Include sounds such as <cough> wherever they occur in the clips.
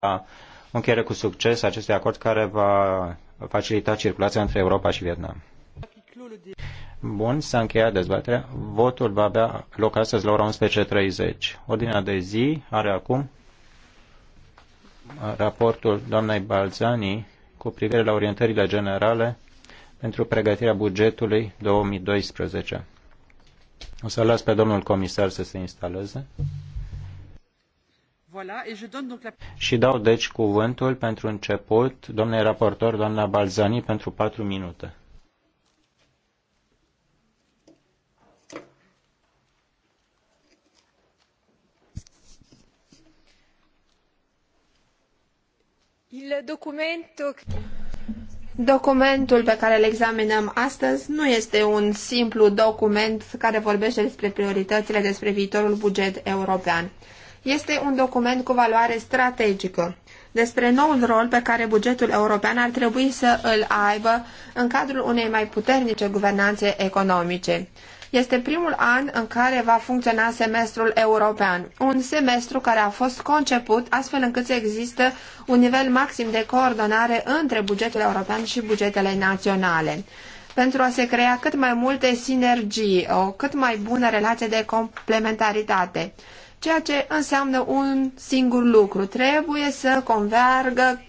la încheiere cu succes acestui acord care va facilita circulația între Europa și Vietnam. Bun, s-a încheiat dezbaterea. Votul va avea loc astăzi la ora 11.30. Ordinea de zi are acum raportul doamnei Balzani cu privire la orientările generale pentru pregătirea bugetului 2012. O să las pe domnul comisar să se instaleze. Și dau deci cuvântul pentru început, domnului raportor, doamna Balzani, pentru patru minute. documentul pe care îl examinăm astăzi nu este un simplu document care vorbește despre prioritățile despre viitorul buget european. Este un document cu valoare strategică despre noul rol pe care bugetul european ar trebui să îl aibă în cadrul unei mai puternice guvernanțe economice. Este primul an în care va funcționa semestrul european, un semestru care a fost conceput astfel încât să existe un nivel maxim de coordonare între bugetul european și bugetele naționale pentru a se crea cât mai multe sinergii, o cât mai bună relație de complementaritate ceea ce înseamnă un singur lucru. Trebuie să convergă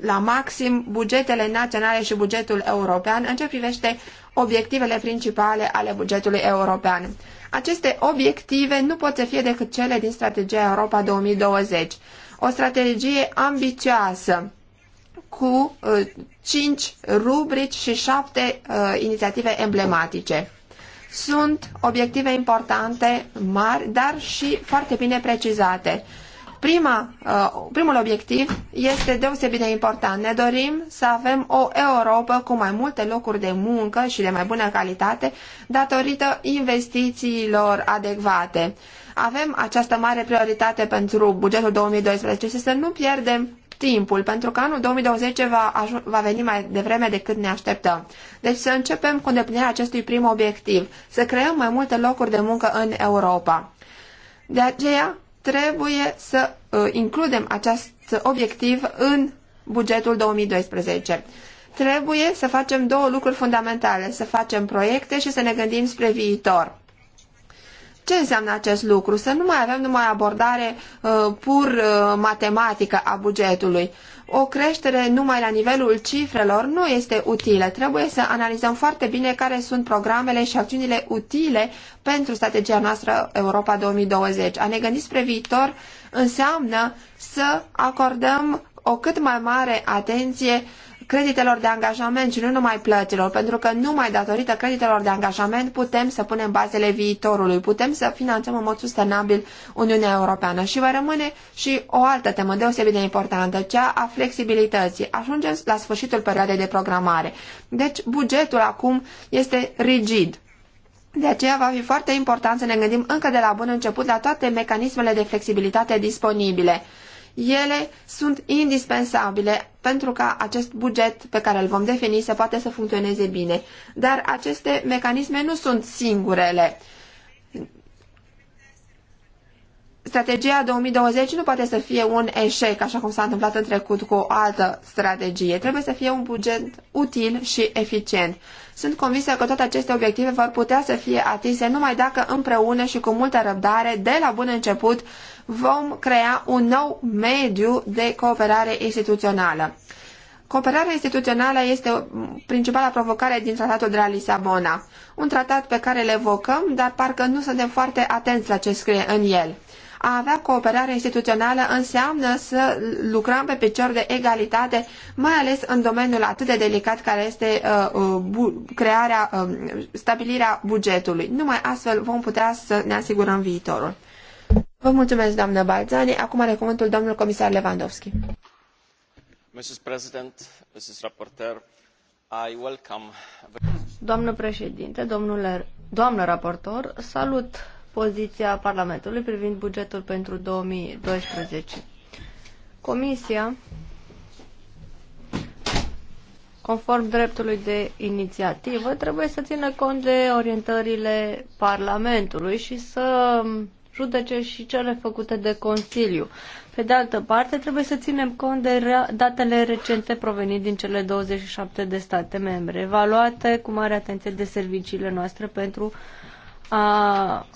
la maxim bugetele naționale și bugetul european în ce privește obiectivele principale ale bugetului european. Aceste obiective nu pot să fie decât cele din strategia Europa 2020. O strategie ambițioasă cu uh, 5 rubrici și 7 uh, inițiative emblematice. Sunt obiective importante, mari, dar și foarte bine precizate. Prima, uh, primul obiectiv este deosebit de important. Ne dorim să avem o Europa cu mai multe locuri de muncă și de mai bună calitate datorită investițiilor adecvate. Avem această mare prioritate pentru bugetul 2012 și să nu pierdem timpul, pentru că anul 2020 va, va veni mai devreme decât ne așteptăm. Deci să începem cu îndeplinirea acestui prim obiectiv, să creăm mai multe locuri de muncă în Europa. De aceea trebuie să uh, includem acest obiectiv în bugetul 2012. Trebuie să facem două lucruri fundamentale, să facem proiecte și să ne gândim spre viitor. Ce înseamnă acest lucru? Să nu mai avem numai abordare uh, pur uh, matematică a bugetului. O creștere numai la nivelul cifrelor nu este utilă. Trebuie să analizăm foarte bine care sunt programele și acțiunile utile pentru strategia noastră Europa 2020. A ne gândi spre viitor înseamnă să acordăm o cât mai mare atenție creditelor de angajament și nu numai plăților, pentru că numai datorită creditelor de angajament putem să punem bazele viitorului, putem să finanțăm în mod sustenabil Uniunea Europeană. Și va rămâne și o altă temă deosebit de importantă, cea a flexibilității. Ajungem la sfârșitul perioadei de programare. Deci bugetul acum este rigid. De aceea va fi foarte important să ne gândim încă de la bun început la toate mecanismele de flexibilitate disponibile ele sunt indispensabile pentru ca acest buget pe care îl vom defini să poată să funcționeze bine. Dar aceste mecanisme nu sunt singurele strategia 2020 nu poate să fie un eșec, așa cum s-a întâmplat în trecut cu o altă strategie. Trebuie să fie un buget util și eficient. Sunt convinsă că toate aceste obiective vor putea să fie atinse numai dacă împreună și cu multă răbdare, de la bun început, vom crea un nou mediu de cooperare instituțională. Cooperarea instituțională este principala provocare din tratatul de la Lisabona, un tratat pe care îl evocăm, dar parcă nu suntem foarte atenți la ce scrie în el. A avea cooperare instituțională înseamnă să lucrăm pe picior de egalitate, mai ales în domeniul atât de delicat care este uh, uh crearea, uh, stabilirea bugetului. Numai astfel vom putea să ne asigurăm viitorul. Vă mulțumesc, doamnă Balzani. Acum are cuvântul domnul comisar Lewandowski. Mrs. President, Mrs. Rapporteur, I welcome... Doamnă președinte, domnule, doamnă raportor, salut poziția Parlamentului privind bugetul pentru 2012. Comisia, conform dreptului de inițiativă, trebuie să țină cont de orientările Parlamentului și să judece și cele făcute de Consiliu. Pe de altă parte, trebuie să ținem cont de datele recente provenit din cele 27 de state membre, evaluate cu mare atenție de serviciile noastre pentru a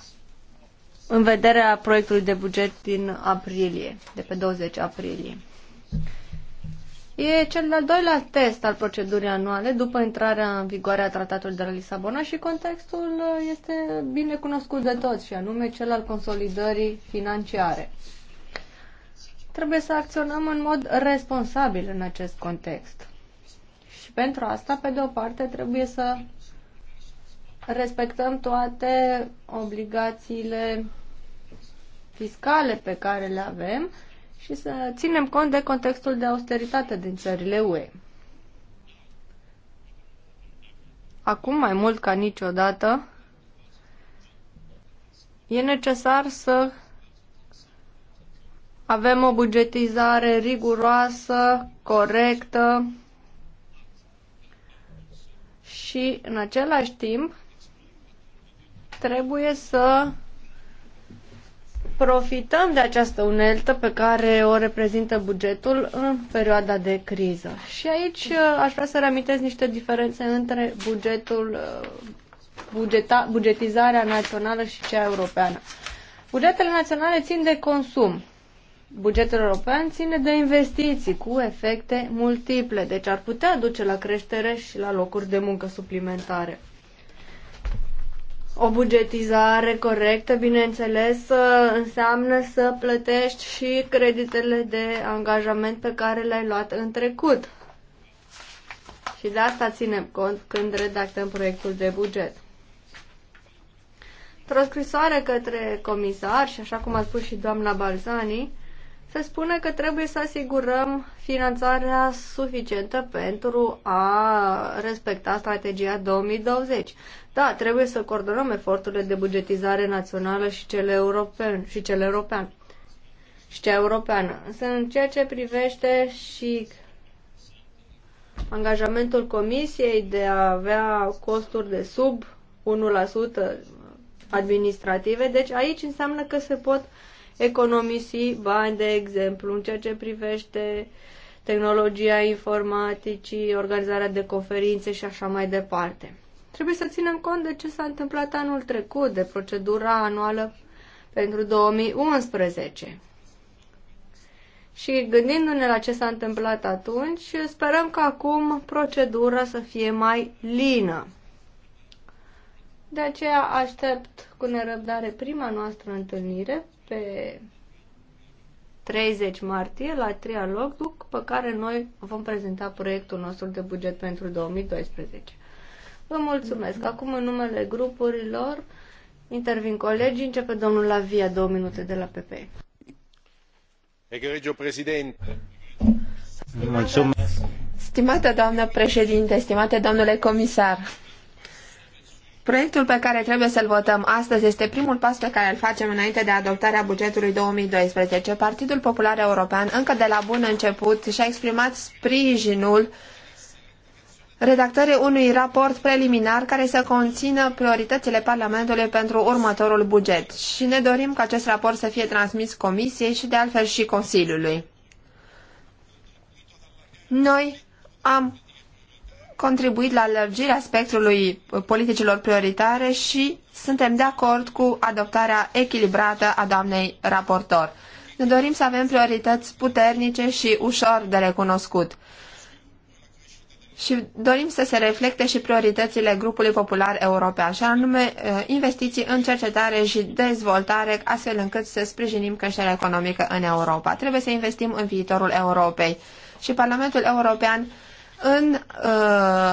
în vederea proiectului de buget din aprilie, de pe 20 aprilie. E cel de-al doilea test al procedurii anuale după intrarea în vigoare a tratatului de la Lisabona și contextul uh, este bine cunoscut de toți și anume cel al consolidării financiare. Trebuie să acționăm în mod responsabil în acest context. Și pentru asta, pe de o parte, trebuie să respectăm toate obligațiile fiscale pe care le avem și să ținem cont de contextul de austeritate din țările UE. Acum, mai mult ca niciodată, e necesar să avem o bugetizare riguroasă, corectă și, în același timp, trebuie să profităm de această uneltă pe care o reprezintă bugetul în perioada de criză. Și aici uh, aș vrea să reamintesc niște diferențe între bugetul, uh, bugeta, bugetizarea națională și cea europeană. Bugetele naționale țin de consum. Bugetul european ține de investiții cu efecte multiple, deci ar putea duce la creștere și la locuri de muncă suplimentare. O bugetizare corectă, bineînțeles, ă, înseamnă să plătești și creditele de angajament pe care le-ai luat în trecut. Și de asta ținem cont când redactăm proiectul de buget. Într-o scrisoare către comisar, și așa cum a spus și doamna Balzani, se spune că trebuie să asigurăm finanțarea suficientă pentru a respecta strategia 2020. Da, trebuie să coordonăm eforturile de bugetizare națională și cele european și cele european și cea europeană. Însă în ceea ce privește și angajamentul comisiei de a avea costuri de sub 1% administrative, deci aici înseamnă că se pot economisi bani, de exemplu, în ceea ce privește tehnologia informaticii, organizarea de conferințe și așa mai departe. Trebuie să ținem cont de ce s-a întâmplat anul trecut, de procedura anuală pentru 2011. Și gândindu-ne la ce s-a întâmplat atunci, sperăm că acum procedura să fie mai lină. De aceea aștept cu nerăbdare prima noastră întâlnire pe 30 martie la trialog, după care noi vom prezenta proiectul nostru de buget pentru 2012. Vă mulțumesc. Acum, în numele grupurilor, intervin colegii. Începe domnul Lavia, două minute de la PP. Egregio președinte. Mulțumesc. Stimată doamnă președinte, stimate domnule comisar, Proiectul pe care trebuie să-l votăm astăzi este primul pas pe care îl facem înainte de adoptarea bugetului 2012. Partidul Popular European încă de la bun început și-a exprimat sprijinul redactării unui raport preliminar care să conțină prioritățile Parlamentului pentru următorul buget și ne dorim ca acest raport să fie transmis Comisiei și de altfel și Consiliului. Noi am contribuit la lărgirea spectrului politicilor prioritare și suntem de acord cu adoptarea echilibrată a doamnei raportor. Ne dorim să avem priorități puternice și ușor de recunoscut și dorim să se reflecte și prioritățile grupului popular european, și anume investiții în cercetare și dezvoltare, astfel încât să sprijinim creșterea economică în Europa. Trebuie să investim în viitorul Europei. Și Parlamentul European, în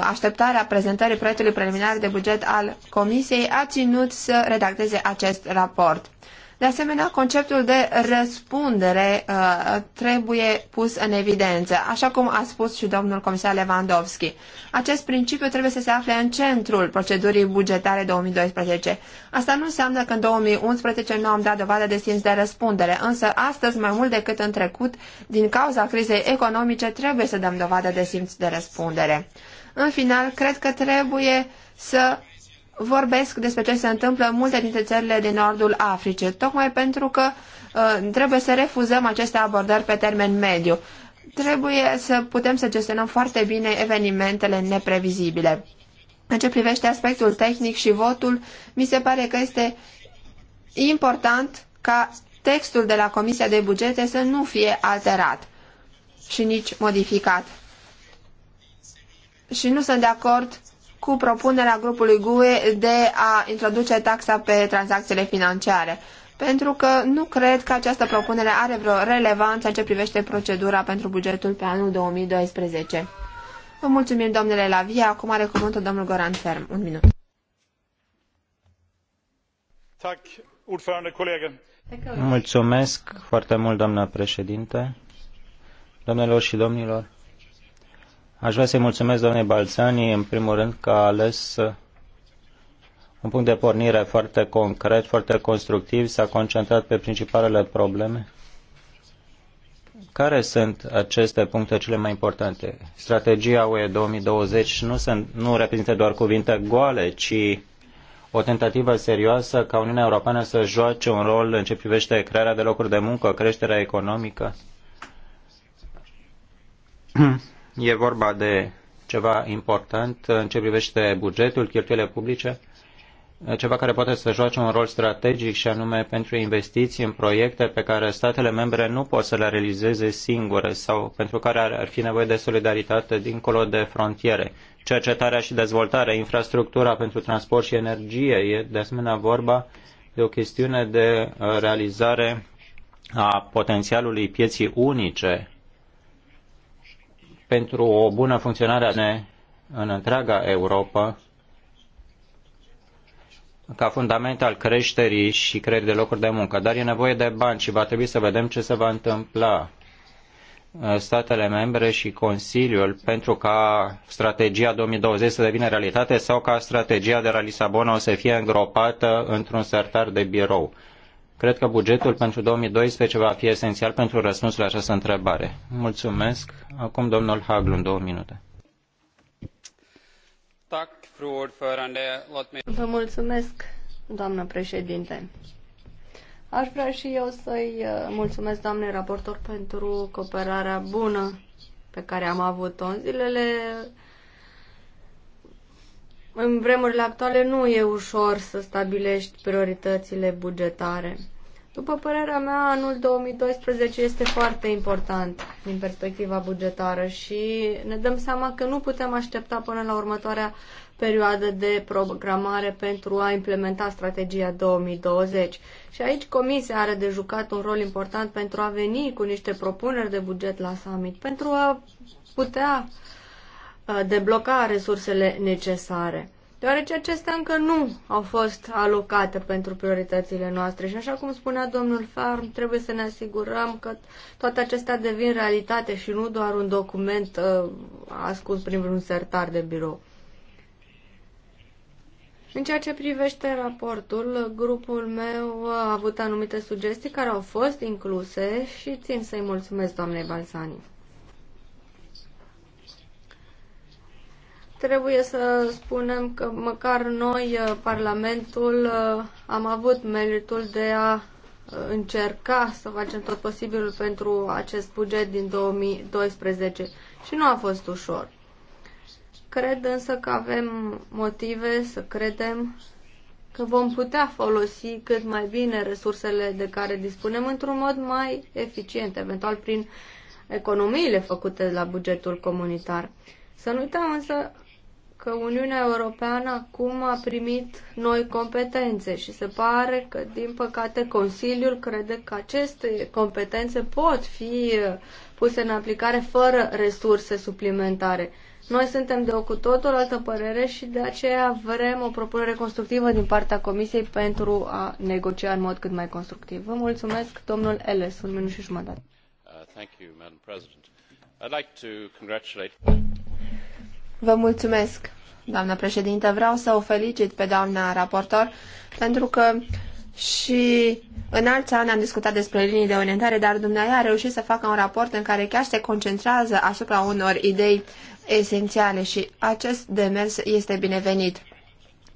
așteptarea prezentării proiectului preliminar de buget al Comisiei, a ținut să redacteze acest raport. De asemenea, conceptul de răspundere uh, trebuie pus în evidență, așa cum a spus și domnul comisar Lewandowski. Acest principiu trebuie să se afle în centrul procedurii bugetare 2012. Asta nu înseamnă că în 2011 nu am dat dovadă de simț de răspundere, însă astăzi, mai mult decât în trecut, din cauza crizei economice, trebuie să dăm dovadă de simț de răspundere. În final, cred că trebuie să vorbesc despre ce se întâmplă în multe dintre țările din nordul Africii, tocmai pentru că uh, trebuie să refuzăm aceste abordări pe termen mediu. Trebuie să putem să gestionăm foarte bine evenimentele neprevizibile. În ce privește aspectul tehnic și votul, mi se pare că este important ca textul de la Comisia de Bugete să nu fie alterat și nici modificat. Și nu sunt de acord cu propunerea grupului GUE de a introduce taxa pe tranzacțiile financiare, pentru că nu cred că această propunere are vreo relevanță în ce privește procedura pentru bugetul pe anul 2012. Vă mulțumim, domnule Lavia. Acum are cuvântul domnul Goran Ferm. Un minut. Mulțumesc foarte mult, doamnă președinte. domnilor și domnilor, Aș vrea să-i mulțumesc doamnei Balțani, în primul rând, că a ales uh, un punct de pornire foarte concret, foarte constructiv, s-a concentrat pe principalele probleme. Care sunt aceste puncte cele mai importante? Strategia UE 2020 nu, sunt, nu reprezintă doar cuvinte goale, ci o tentativă serioasă ca Uniunea Europeană să joace un rol în ce privește crearea de locuri de muncă, creșterea economică. <clears throat> E vorba de ceva important în ce privește bugetul, cheltuielile publice, ceva care poate să joace un rol strategic și anume pentru investiții în proiecte pe care statele membre nu pot să le realizeze singure sau pentru care ar fi nevoie de solidaritate dincolo de frontiere. Cercetarea și dezvoltarea, infrastructura pentru transport și energie e de asemenea vorba de o chestiune de uh, realizare a potențialului pieții unice pentru o bună funcționare în întreaga Europa ca fundament al creșterii și creării de locuri de muncă. Dar e nevoie de bani și va trebui să vedem ce se va întâmpla statele membre și Consiliul pentru ca strategia 2020 să devină realitate sau ca strategia de la Lisabona o să fie îngropată într-un sertar de birou. Cred că bugetul pentru 2012 va fi esențial pentru răspunsul la această întrebare. Mulțumesc. Acum domnul Haglund, două minute. Vă mulțumesc, doamnă președinte. Aș vrea și eu să-i uh, mulțumesc, doamne raportor, pentru cooperarea bună pe care am avut-o în zilele în vremurile actuale nu e ușor să stabilești prioritățile bugetare. După părerea mea, anul 2012 este foarte important din perspectiva bugetară și ne dăm seama că nu putem aștepta până la următoarea perioadă de programare pentru a implementa strategia 2020. Și aici Comisia are de jucat un rol important pentru a veni cu niște propuneri de buget la summit, pentru a putea uh, Uh, debloca resursele necesare, deoarece acestea încă nu au fost alocate pentru prioritățile noastre și așa cum spunea domnul Farm, trebuie să ne asigurăm că toate acestea devin realitate și nu doar un document uh, ascuns prin un sertar de birou. În ceea ce privește raportul, grupul meu a avut anumite sugestii care au fost incluse și țin să-i mulțumesc doamnei Balsani. Trebuie să spunem că măcar noi, uh, Parlamentul, uh, am avut meritul de a uh, încerca să facem tot posibilul pentru acest buget din 2012 și nu a fost ușor. Cred însă că avem motive să credem că vom putea folosi cât mai bine resursele de care dispunem într-un mod mai eficient, eventual prin economiile făcute la bugetul comunitar. Să nu uităm însă că Uniunea Europeană acum a primit noi competențe și se pare că, din păcate, Consiliul crede că aceste competențe pot fi puse în aplicare fără resurse suplimentare. Noi suntem de o cu totul altă părere și de aceea vrem o propunere constructivă din partea Comisiei pentru a negocia în mod cât mai constructiv. Vă mulțumesc, domnul Ellis, un minut și jumătate. Uh, thank you, Madam President. I'd like to congratulate... Vă mulțumesc, doamnă președinte. Vreau să o felicit pe doamna raportor pentru că și în alți ani am discutat despre linii de orientare, dar dumneavoastră a reușit să facă un raport în care chiar se concentrează asupra unor idei esențiale și acest demers este binevenit.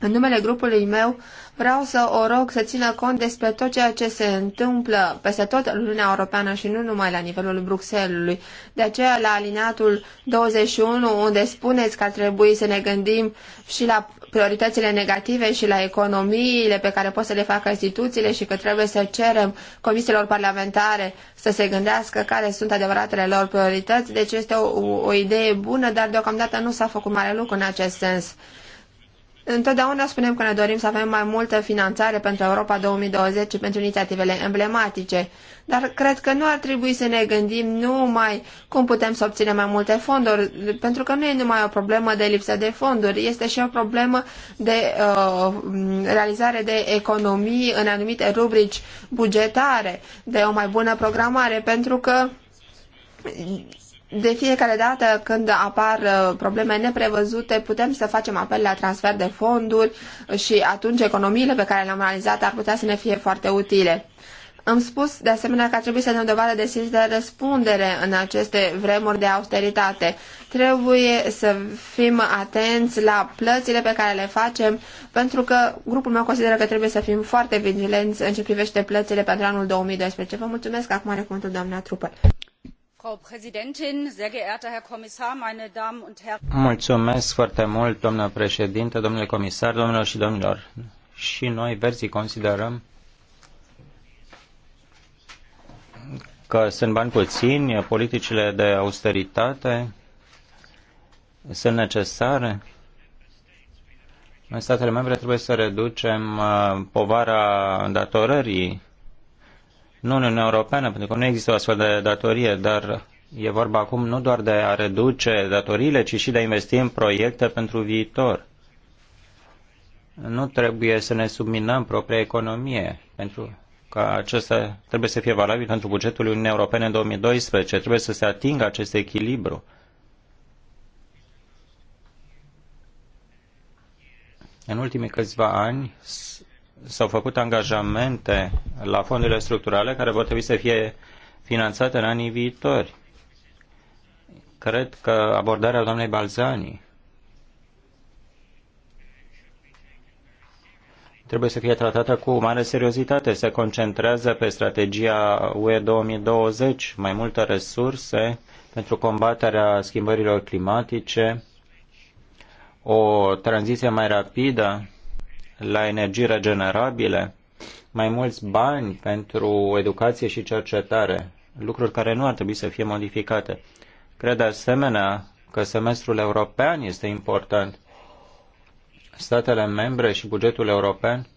În numele grupului meu vreau să o rog să țină cont despre tot ceea ce se întâmplă peste tot în Uniunea Europeană și nu numai la nivelul Bruxellesului. De aceea, la alineatul 21, unde spuneți că ar trebui să ne gândim și la prioritățile negative și la economiile pe care pot să le facă instituțiile și că trebuie să cerem comisiilor parlamentare să se gândească care sunt adevăratele lor priorități. Deci este o, o idee bună, dar deocamdată nu s-a făcut mare lucru în acest sens. Întotdeauna spunem că ne dorim să avem mai multă finanțare pentru Europa 2020 și pentru inițiativele emblematice, dar cred că nu ar trebui să ne gândim numai cum putem să obținem mai multe fonduri, pentru că nu e numai o problemă de lipsă de fonduri, este și o problemă de uh, realizare de economii în anumite rubrici bugetare, de o mai bună programare, pentru că de fiecare dată când apar uh, probleme neprevăzute, putem să facem apel la transfer de fonduri și atunci economiile pe care le-am realizat ar putea să ne fie foarte utile. Am spus de asemenea că ar trebui să ne dovadă de simț de răspundere în aceste vremuri de austeritate. Trebuie să fim atenți la plățile pe care le facem, pentru că grupul meu consideră că trebuie să fim foarte vigilenți în ce privește plățile pentru anul 2012. Vă mulțumesc, acum are cuvântul doamna Trupă. Mulțumesc foarte mult, doamnă președinte, domnule comisar, domnilor și domnilor. Și noi, verzii, considerăm că sunt bani puțini, politicile de austeritate sunt necesare. În statele membre trebuie să reducem uh, povara datorării nu în Uniunea Europeană, pentru că nu există o astfel de datorie, dar e vorba acum nu doar de a reduce datoriile, ci și de a investi în proiecte pentru viitor. Nu trebuie să ne subminăm propria economie, pentru că acesta trebuie să fie valabil pentru bugetul Uniunii Europene în 2012. Trebuie să se atingă acest echilibru. În ultimii câțiva ani s-au făcut angajamente la fondurile structurale care vor trebui să fie finanțate în anii viitori. Cred că abordarea doamnei Balzani trebuie să fie tratată cu mare seriozitate. Se concentrează pe strategia UE 2020, mai multe resurse pentru combaterea schimbărilor climatice, o tranziție mai rapidă la energii regenerabile, mai mulți bani pentru educație și cercetare, lucruri care nu ar trebui să fie modificate. Cred de asemenea că semestrul european este important. Statele membre și bugetul european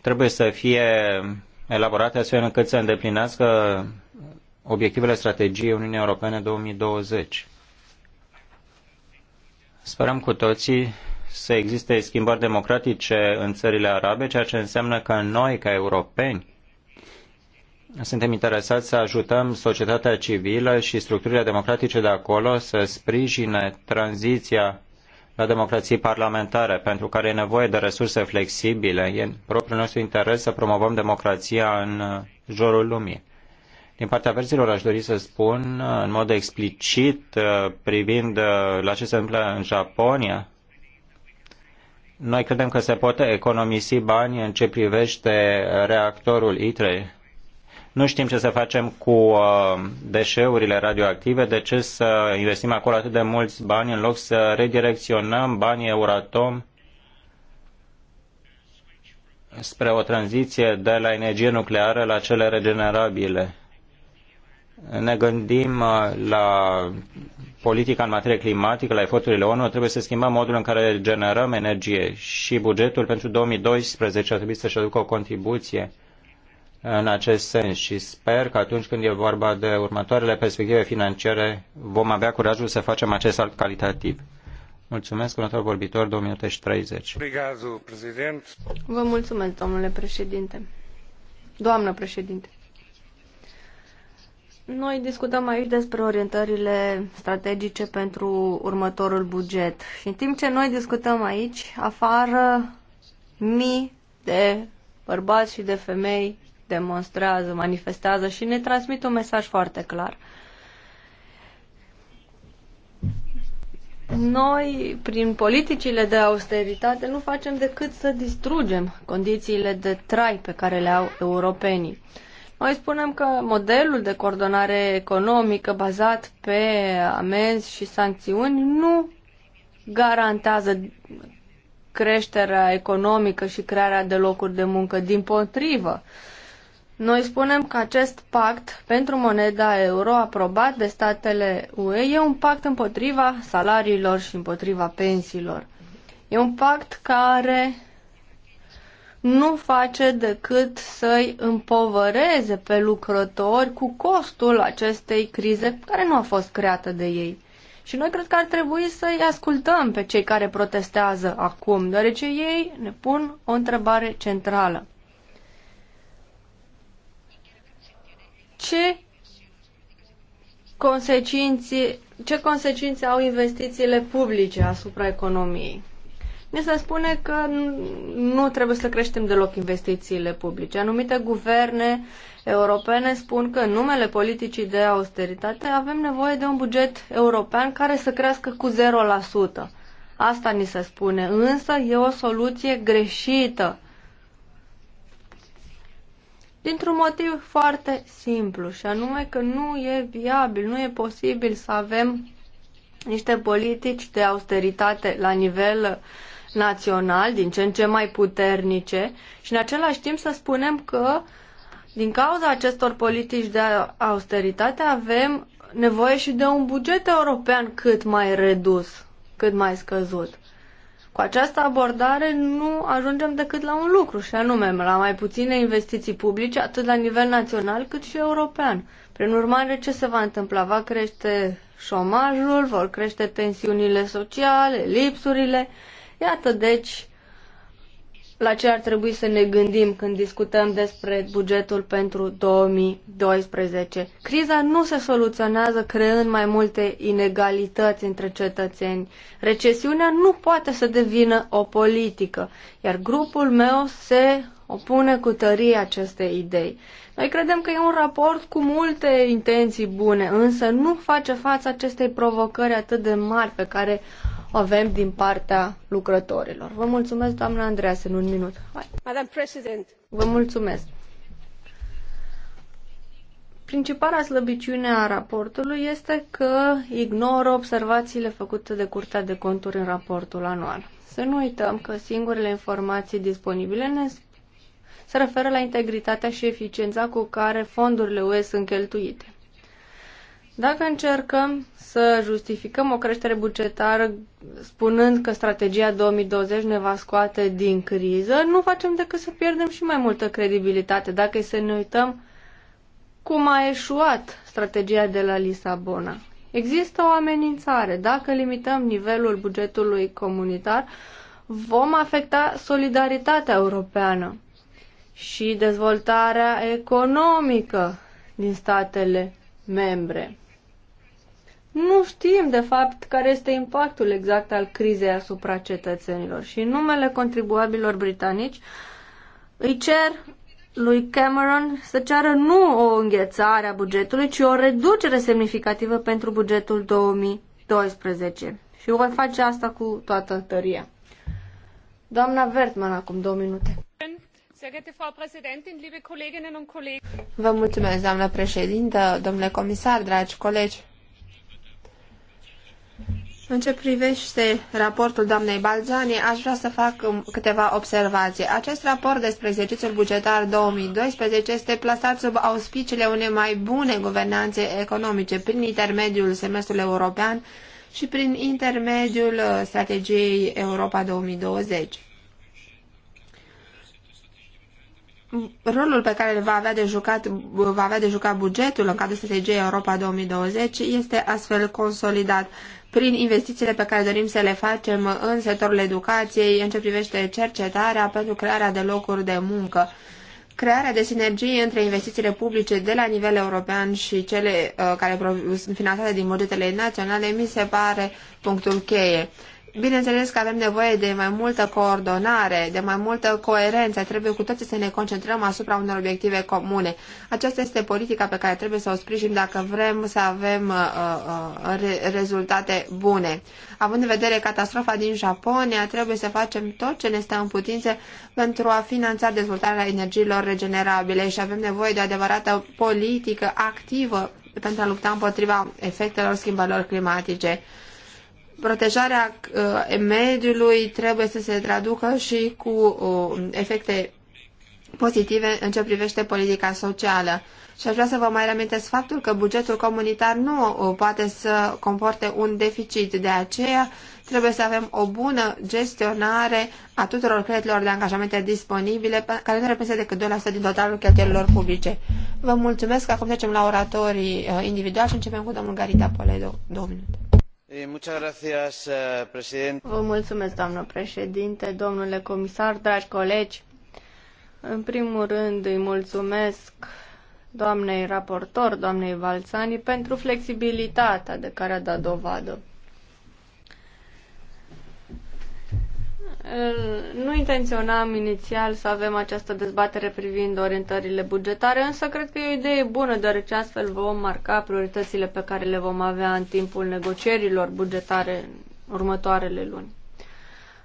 trebuie să fie elaborate astfel încât să îndeplinească obiectivele strategiei Uniunii Europene 2020. Sperăm cu toții să existe schimbări democratice în țările arabe, ceea ce înseamnă că noi, ca europeni, suntem interesați să ajutăm societatea civilă și structurile democratice de acolo să sprijine tranziția la democrații parlamentare, pentru care e nevoie de resurse flexibile. E în propriul nostru interes să promovăm democrația în jurul lumii. Din partea verzilor aș dori să spun în mod explicit privind la ce se întâmplă în Japonia, noi credem că se pot economisi bani în ce privește reactorul I3. Nu știm ce să facem cu uh, deșeurile radioactive, de ce să investim acolo atât de mulți bani în loc să redirecționăm banii Euratom spre o tranziție de la energie nucleară la cele regenerabile ne gândim uh, la politica în materie climatică, la eforturile ONU, trebuie să schimbăm modul în care generăm energie și bugetul pentru 2012 ar trebui să-și aducă o contribuție în acest sens și sper că atunci când e vorba de următoarele perspective financiare vom avea curajul să facem acest alt calitativ. Mulțumesc, următorul vorbitor, 2 minute și 30. Vă mulțumesc, domnule președinte. Doamnă președinte. Noi discutăm aici despre orientările strategice pentru următorul buget. Și în timp ce noi discutăm aici, afară mii de bărbați și de femei demonstrează, manifestează și ne transmit un mesaj foarte clar. Noi, prin politicile de austeritate, nu facem decât să distrugem condițiile de trai pe care le au europenii. Noi spunem că modelul de coordonare economică bazat pe amenzi și sancțiuni nu garantează creșterea economică și crearea de locuri de muncă. Din potrivă, noi spunem că acest pact pentru moneda euro aprobat de statele UE e un pact împotriva salariilor și împotriva pensiilor. E un pact care nu face decât să-i împovăreze pe lucrători cu costul acestei crize care nu a fost creată de ei. Și noi cred că ar trebui să-i ascultăm pe cei care protestează acum, deoarece ei ne pun o întrebare centrală. Ce consecințe, ce consecințe au investițiile publice asupra economiei? ni se spune că nu trebuie să creștem deloc investițiile publice. Anumite guverne europene spun că în numele politicii de austeritate avem nevoie de un buget european care să crească cu 0%. Asta ni se spune, însă e o soluție greșită. Dintr-un motiv foarte simplu, și anume că nu e viabil, nu e posibil să avem niște politici de austeritate la nivel uh, național din ce în ce mai puternice și în același timp să spunem că din cauza acestor politici de austeritate avem nevoie și de un buget european cât mai redus, cât mai scăzut. Cu această abordare nu ajungem decât la un lucru, și anume la mai puține investiții publice, atât la nivel național cât și european. Prin urmare, ce se va întâmpla? Va crește șomajul, vor crește tensiunile sociale, lipsurile Iată, deci, la ce ar trebui să ne gândim când discutăm despre bugetul pentru 2012. Criza nu se soluționează creând mai multe inegalități între cetățeni. Recesiunea nu poate să devină o politică, iar grupul meu se opune cu tărie aceste idei. Noi credem că e un raport cu multe intenții bune, însă nu face față acestei provocări atât de mari pe care avem din partea lucrătorilor. Vă mulțumesc, doamna Andreas, în un minut. Hai. Madam President. Vă mulțumesc. Principala slăbiciune a raportului este că ignoră observațiile făcute de Curtea de Conturi în raportul anual. Să nu uităm că singurele informații disponibile ne se referă la integritatea și eficiența cu care fondurile UE sunt cheltuite. Dacă încercăm să justificăm o creștere bugetară spunând că strategia 2020 ne va scoate din criză, nu facem decât să pierdem și mai multă credibilitate. Dacă e să ne uităm cum a eșuat strategia de la Lisabona. Există o amenințare. Dacă limităm nivelul bugetului comunitar, vom afecta solidaritatea europeană și dezvoltarea economică din statele membre nu știm, de fapt, care este impactul exact al crizei asupra cetățenilor. Și în numele contribuabilor britanici îi cer lui Cameron să ceară nu o înghețare a bugetului, ci o reducere semnificativă pentru bugetul 2012. Și voi face asta cu toată tăria. Doamna Vertman, acum două minute. Vă mulțumesc, doamna președintă, domnule comisar, dragi colegi. În ce privește raportul doamnei Balzani, aș vrea să fac um, câteva observații. Acest raport despre exercițiul bugetar 2012 este plasat sub auspiciile unei mai bune guvernanțe economice prin intermediul semestrului european și prin intermediul uh, strategiei Europa 2020. Rolul pe care îl va avea de jucat, va avea de jucat bugetul în cadrul strategiei Europa 2020 este astfel consolidat prin investițiile pe care dorim să le facem în sectorul educației, în ce privește cercetarea pentru crearea de locuri de muncă. Crearea de sinergie între investițiile publice de la nivel european și cele uh, care sunt finanțate din bugetele naționale mi se pare punctul cheie. Bineînțeles că avem nevoie de mai multă coordonare, de mai multă coerență. Trebuie cu toții să ne concentrăm asupra unor obiective comune. Aceasta este politica pe care trebuie să o sprijin dacă vrem să avem uh, uh, rezultate bune. Având în vedere catastrofa din Japonia, trebuie să facem tot ce ne stă în putință pentru a finanța dezvoltarea energiilor regenerabile și avem nevoie de o adevărată politică activă pentru a lupta împotriva efectelor schimbărilor climatice protejarea uh, mediului trebuie să se traducă și cu uh, efecte pozitive în ce privește politica socială. Și aș vrea să vă mai reamintesc faptul că bugetul comunitar nu uh, poate să comporte un deficit. De aceea trebuie să avem o bună gestionare a tuturor creditelor de angajamente disponibile, care nu reprezintă decât 2% din totalul cheltuielilor publice. Vă mulțumesc. Acum trecem la oratorii individuali și începem cu domnul Garita Poledo. Două minute. Eh, eh, mulțumesc, președinte, domnule comisar, dragi colegi. În primul rând îi mulțumesc doamnei raportor, doamnei Valțani, pentru flexibilitatea de care a dat dovadă. Nu intenționam inițial să avem această dezbatere privind orientările bugetare, însă cred că e o idee bună, deoarece astfel vom marca prioritățile pe care le vom avea în timpul negocierilor bugetare în următoarele luni.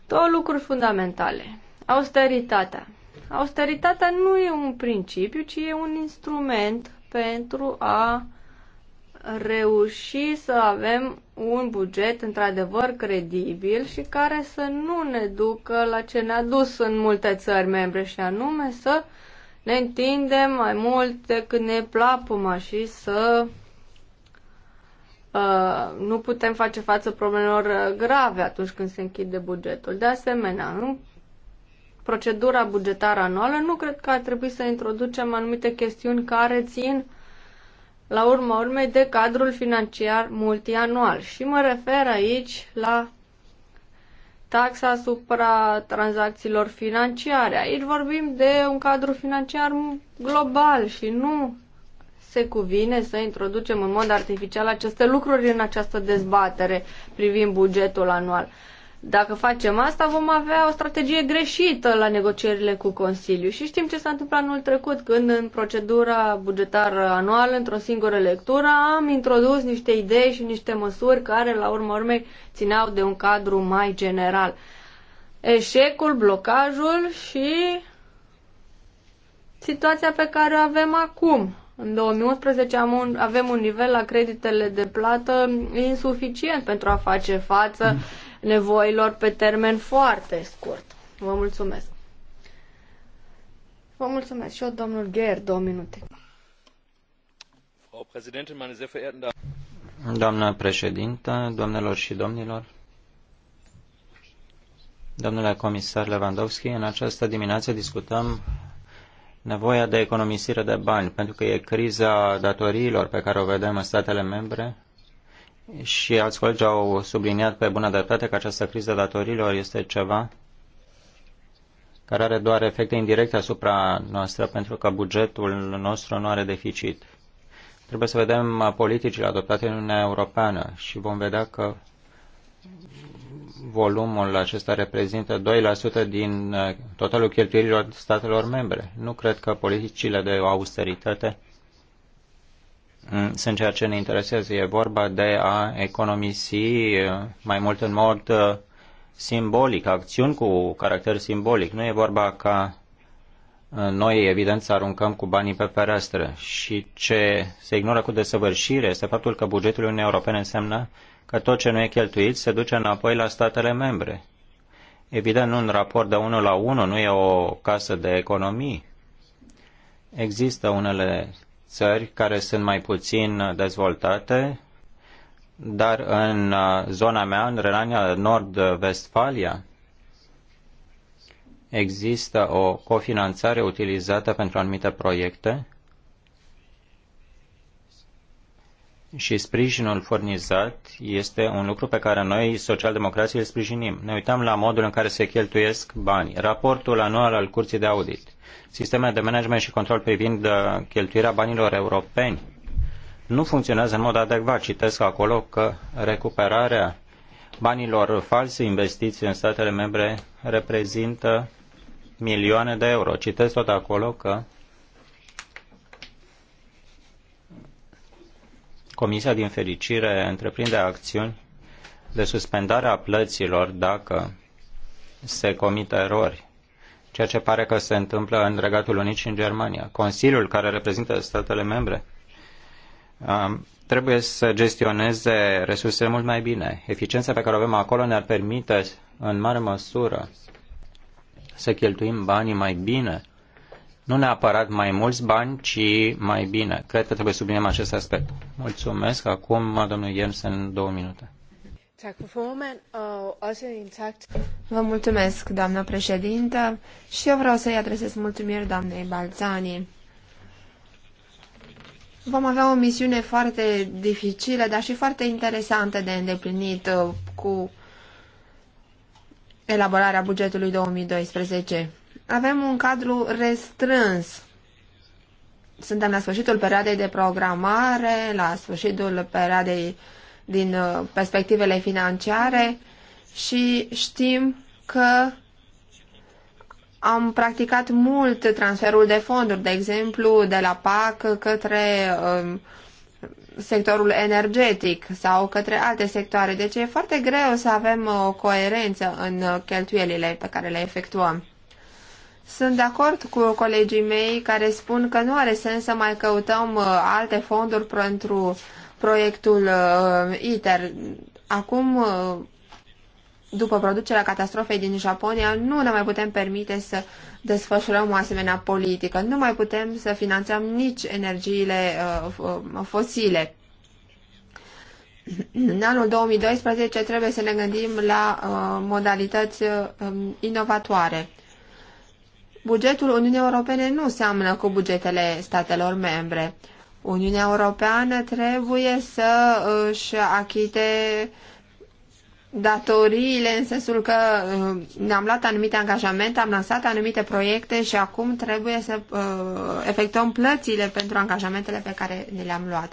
Două lucruri fundamentale. Austeritatea. Austeritatea nu e un principiu, ci e un instrument pentru a reuși să avem un buget într-adevăr credibil și care să nu ne ducă la ce ne-a dus în multe țări membre și anume să ne întindem mai mult decât ne plapuma și să uh, nu putem face față problemelor grave atunci când se închide bugetul. De asemenea, în procedura bugetară anuală nu cred că ar trebui să introducem anumite chestiuni care țin uh, la urma urmei de cadrul financiar multianual. Și mă refer aici la taxa asupra tranzacțiilor financiare. Aici vorbim de un cadru financiar global și nu se cuvine să introducem în mod artificial aceste lucruri în această dezbatere privind bugetul anual. Dacă facem asta, vom avea o strategie greșită la negocierile cu Consiliu. Și știm ce s-a întâmplat anul trecut, când în procedura bugetară anuală, într-o singură lectură, am introdus niște idei și niște măsuri care, la urmă urmei, țineau de un cadru mai general. Eșecul, blocajul și situația pe care o avem acum. În 2011 am un, avem un nivel la creditele de plată insuficient pentru a face față mm nevoilor pe termen foarte scurt. Vă mulțumesc. Vă mulțumesc și eu, domnul Gher, două minute. Doamna președintă, doamnelor și domnilor, domnule comisar Lewandowski, în această dimineață discutăm nevoia de economisire de bani, pentru că e criza datoriilor pe care o vedem în statele membre și alți colegi au subliniat pe bună dreptate că această criză datorilor este ceva care are doar efecte indirecte asupra noastră, pentru că bugetul nostru nu are deficit. Trebuie să vedem politicile adoptate în Uniunea Europeană și vom vedea că volumul acesta reprezintă 2% din totalul cheltuielilor statelor membre. Nu cred că politicile de austeritate sunt ceea ce ne interesează e vorba de a economisi uh, mai mult în mod uh, simbolic, acțiuni cu caracter simbolic. Nu e vorba ca uh, noi, evident, să aruncăm cu banii pe fereastră. Și ce se ignoră cu desăvârșire este faptul că bugetul Uniunii Europene înseamnă că tot ce nu e cheltuit se duce înapoi la statele membre. Evident, nu un raport de 1 la 1, nu e o casă de economii. Există unele țări care sunt mai puțin dezvoltate, dar în uh, zona mea, în Renania Nord-Vestfalia, există o cofinanțare utilizată pentru anumite proiecte și sprijinul furnizat este un lucru pe care noi, socialdemocrații, îl sprijinim. Ne uităm la modul în care se cheltuiesc banii. Raportul anual al Curții de Audit, sistemele de management și control privind uh, cheltuirea banilor europeni, nu funcționează în mod adecvat. Citesc acolo că recuperarea banilor false investiți în statele membre reprezintă milioane de euro. Citesc tot acolo că Comisia, din fericire, întreprinde acțiuni de suspendare a plăților dacă se comit erori, ceea ce pare că se întâmplă în Regatul Unit și în Germania. Consiliul care reprezintă statele membre trebuie să gestioneze resursele mult mai bine. Eficiența pe care o avem acolo ne-ar permite în mare măsură să cheltuim banii mai bine nu neapărat mai mulți bani, ci mai bine. Cred că trebuie să subliniem acest aspect. Mulțumesc. Acum, domnul Jensen, două minute. Vă mulțumesc, doamnă președintă, și eu vreau să-i adresez mulțumiri doamnei Balzani. Vom avea o misiune foarte dificilă, dar și foarte interesantă de îndeplinit uh, cu elaborarea bugetului 2012. Avem un cadru restrâns. Suntem la sfârșitul perioadei de programare, la sfârșitul perioadei din uh, perspectivele financiare și știm că am practicat mult transferul de fonduri, de exemplu, de la PAC către um, sectorul energetic sau către alte sectoare. Deci e foarte greu să avem uh, o coerență în uh, cheltuielile pe care le efectuăm. Sunt de acord cu colegii mei care spun că nu are sens să mai căutăm uh, alte fonduri pentru proiectul uh, ITER. Acum, uh, după producerea catastrofei din Japonia, nu ne mai putem permite să desfășurăm o asemenea politică. Nu mai putem să finanțăm nici energiile fosile. În anul 2012 trebuie să ne gândim la modalități inovatoare. Bugetul Uniunii Europene nu seamănă cu bugetele statelor membre. Uniunea Europeană trebuie să își achite datoriile în sensul că uh, ne-am luat anumite angajamente, am lansat anumite proiecte și acum trebuie să uh, efectuăm plățile pentru angajamentele pe care ne le-am luat.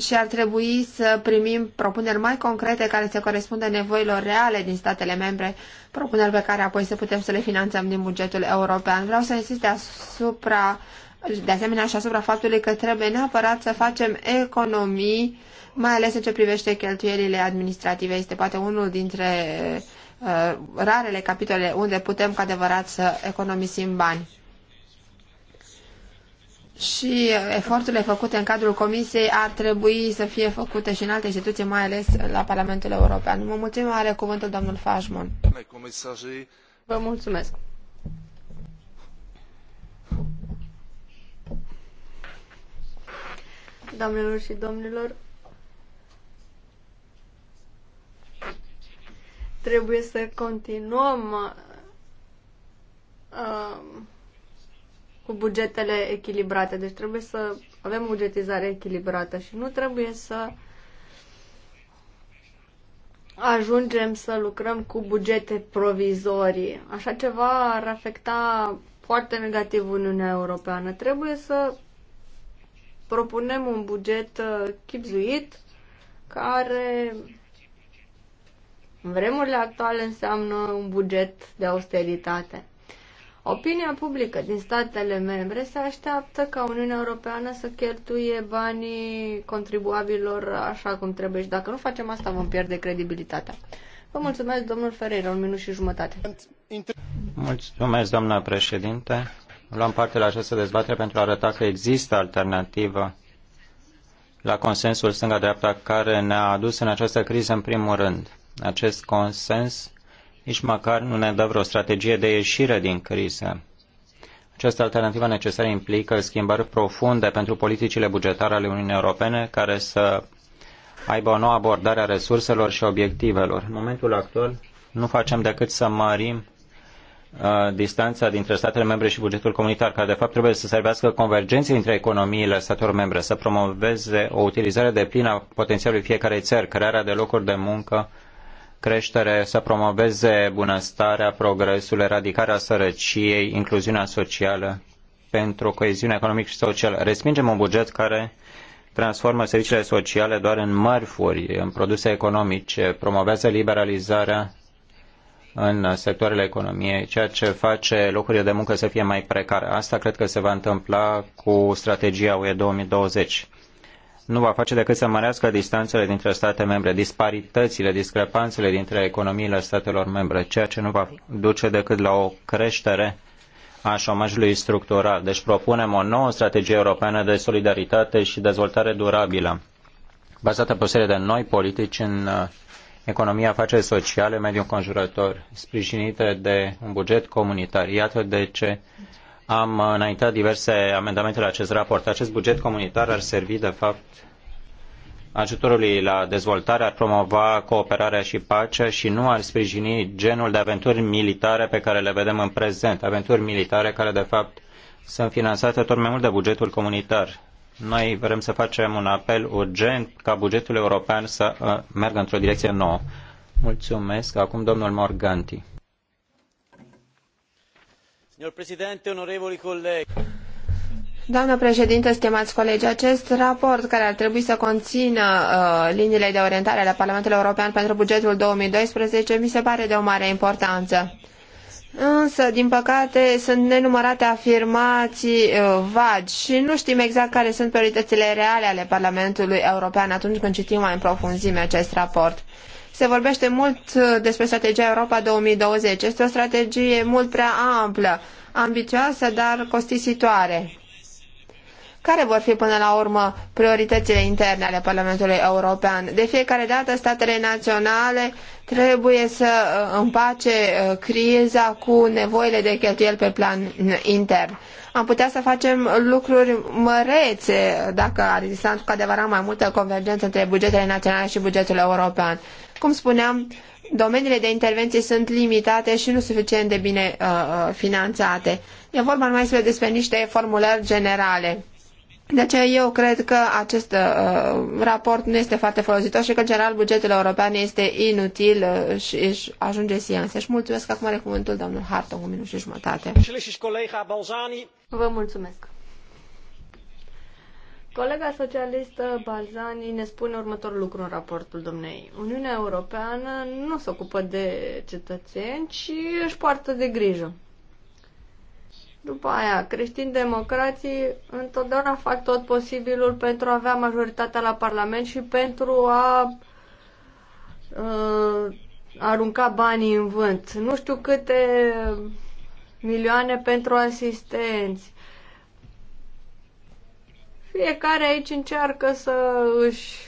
și ar trebui să primim propuneri mai concrete care să corespundă nevoilor reale din statele membre, propuneri pe care apoi să putem să le finanțăm din bugetul european. Vreau să insist deasupra, de asemenea și asupra faptului că trebuie neapărat să facem economii, mai ales în ce privește cheltuielile administrative. Este poate unul dintre uh, rarele capitole unde putem cu adevărat să economisim bani și eforturile făcute în cadrul Comisiei ar trebui să fie făcute și în alte instituții, mai ales la Parlamentul European. Mă mulțumim, are cuvântul domnul Fajmon. Vă mulțumesc. Doamnelor și domnilor, trebuie să continuăm uh, cu bugetele echilibrate. Deci trebuie să avem bugetizare echilibrată și nu trebuie să ajungem să lucrăm cu bugete provizorii. Așa ceva ar afecta foarte negativ Uniunea Europeană. Trebuie să propunem un buget uh, chipzuit care în vremurile actuale înseamnă un buget de austeritate. Opinia publică din statele membre se așteaptă ca Uniunea Europeană să cheltuie banii contribuabilor așa cum trebuie și dacă nu facem asta vom pierde credibilitatea. Vă mulțumesc, domnul Ferreira, un minut și jumătate. Mulțumesc, doamna președinte. Luăm parte la această dezbatere pentru a arăta că există alternativă la consensul stânga-dreapta care ne-a adus în această criză în primul rând. Acest consens nici măcar nu ne dă vreo strategie de ieșire din criză. Această alternativă necesară implică schimbări profunde pentru politicile bugetare ale Uniunii Europene care să aibă o nouă abordare a resurselor și obiectivelor. În momentul actual nu facem decât să mărim uh, distanța dintre statele membre și bugetul comunitar, care de fapt trebuie să servească convergenței dintre economiile statelor membre, să promoveze o utilizare de plină a potențialului fiecarei țări, crearea de locuri de muncă, creștere să promoveze bunăstarea, progresul, eradicarea sărăciei, incluziunea socială pentru coeziune economică și socială. Respingem un buget care transformă serviciile sociale doar în mărfuri, în produse economice, promovează liberalizarea în sectoarele economiei, ceea ce face locurile de muncă să fie mai precare. Asta cred că se va întâmpla cu strategia UE 2020 nu va face decât să mărească distanțele dintre state membre, disparitățile, discrepanțele dintre economiile statelor membre, ceea ce nu va duce decât la o creștere a șomajului structural. Deci propunem o nouă strategie europeană de solidaritate și dezvoltare durabilă, bazată pe o serie de noi politici în uh, economia afaceri sociale, mediul înconjurător, sprijinite de un buget comunitar. Iată de ce am înaintat diverse amendamente la acest raport. Acest buget comunitar ar servi, de fapt, ajutorului la dezvoltare, ar promova cooperarea și pacea și nu ar sprijini genul de aventuri militare pe care le vedem în prezent. Aventuri militare care, de fapt, sunt finanțate tot mai mult de bugetul comunitar. Noi vrem să facem un apel urgent ca bugetul european să uh, meargă într-o direcție nouă. Mulțumesc. Acum domnul Morganti. Doamnă președintă, stimați colegi, acest raport care ar trebui să conțină uh, liniile de orientare ale Parlamentului European pentru bugetul 2012 mi se pare de o mare importanță. Însă, din păcate, sunt nenumărate afirmații uh, vagi și nu știm exact care sunt prioritățile reale ale Parlamentului European atunci când citim mai în profunzime acest raport. Se vorbește mult uh, despre strategia Europa 2020. Este o strategie mult prea amplă, ambițioasă, dar costisitoare. Care vor fi până la urmă prioritățile interne ale Parlamentului European? De fiecare dată statele naționale trebuie să uh, împace uh, criza cu nevoile de cheltuieli pe plan intern. Am putea să facem lucruri mărețe dacă ar exista cu adevărat mai multă convergență între bugetele naționale și bugetul european. Cum spuneam, domeniile de intervenție sunt limitate și nu suficient de bine uh, uh, finanțate. E vorba numai despre, despre niște formulări generale. De aceea eu cred că acest uh, uh, raport nu este foarte folositor și că, în general, bugetul european este inutil uh, și își ajunge sianse. Și mulțumesc acum are cuvântul domnul Harton, un minut și jumătate. Vă mulțumesc. Colega socialistă Balzani ne spune următorul lucru în raportul domnei. Uniunea Europeană nu se ocupă de cetățeni, ci își poartă de grijă. După aia, creștini democrații întotdeauna fac tot posibilul pentru a avea majoritatea la Parlament și pentru a uh, arunca banii în vânt. Nu știu câte milioane pentru asistenți fiecare aici încearcă să își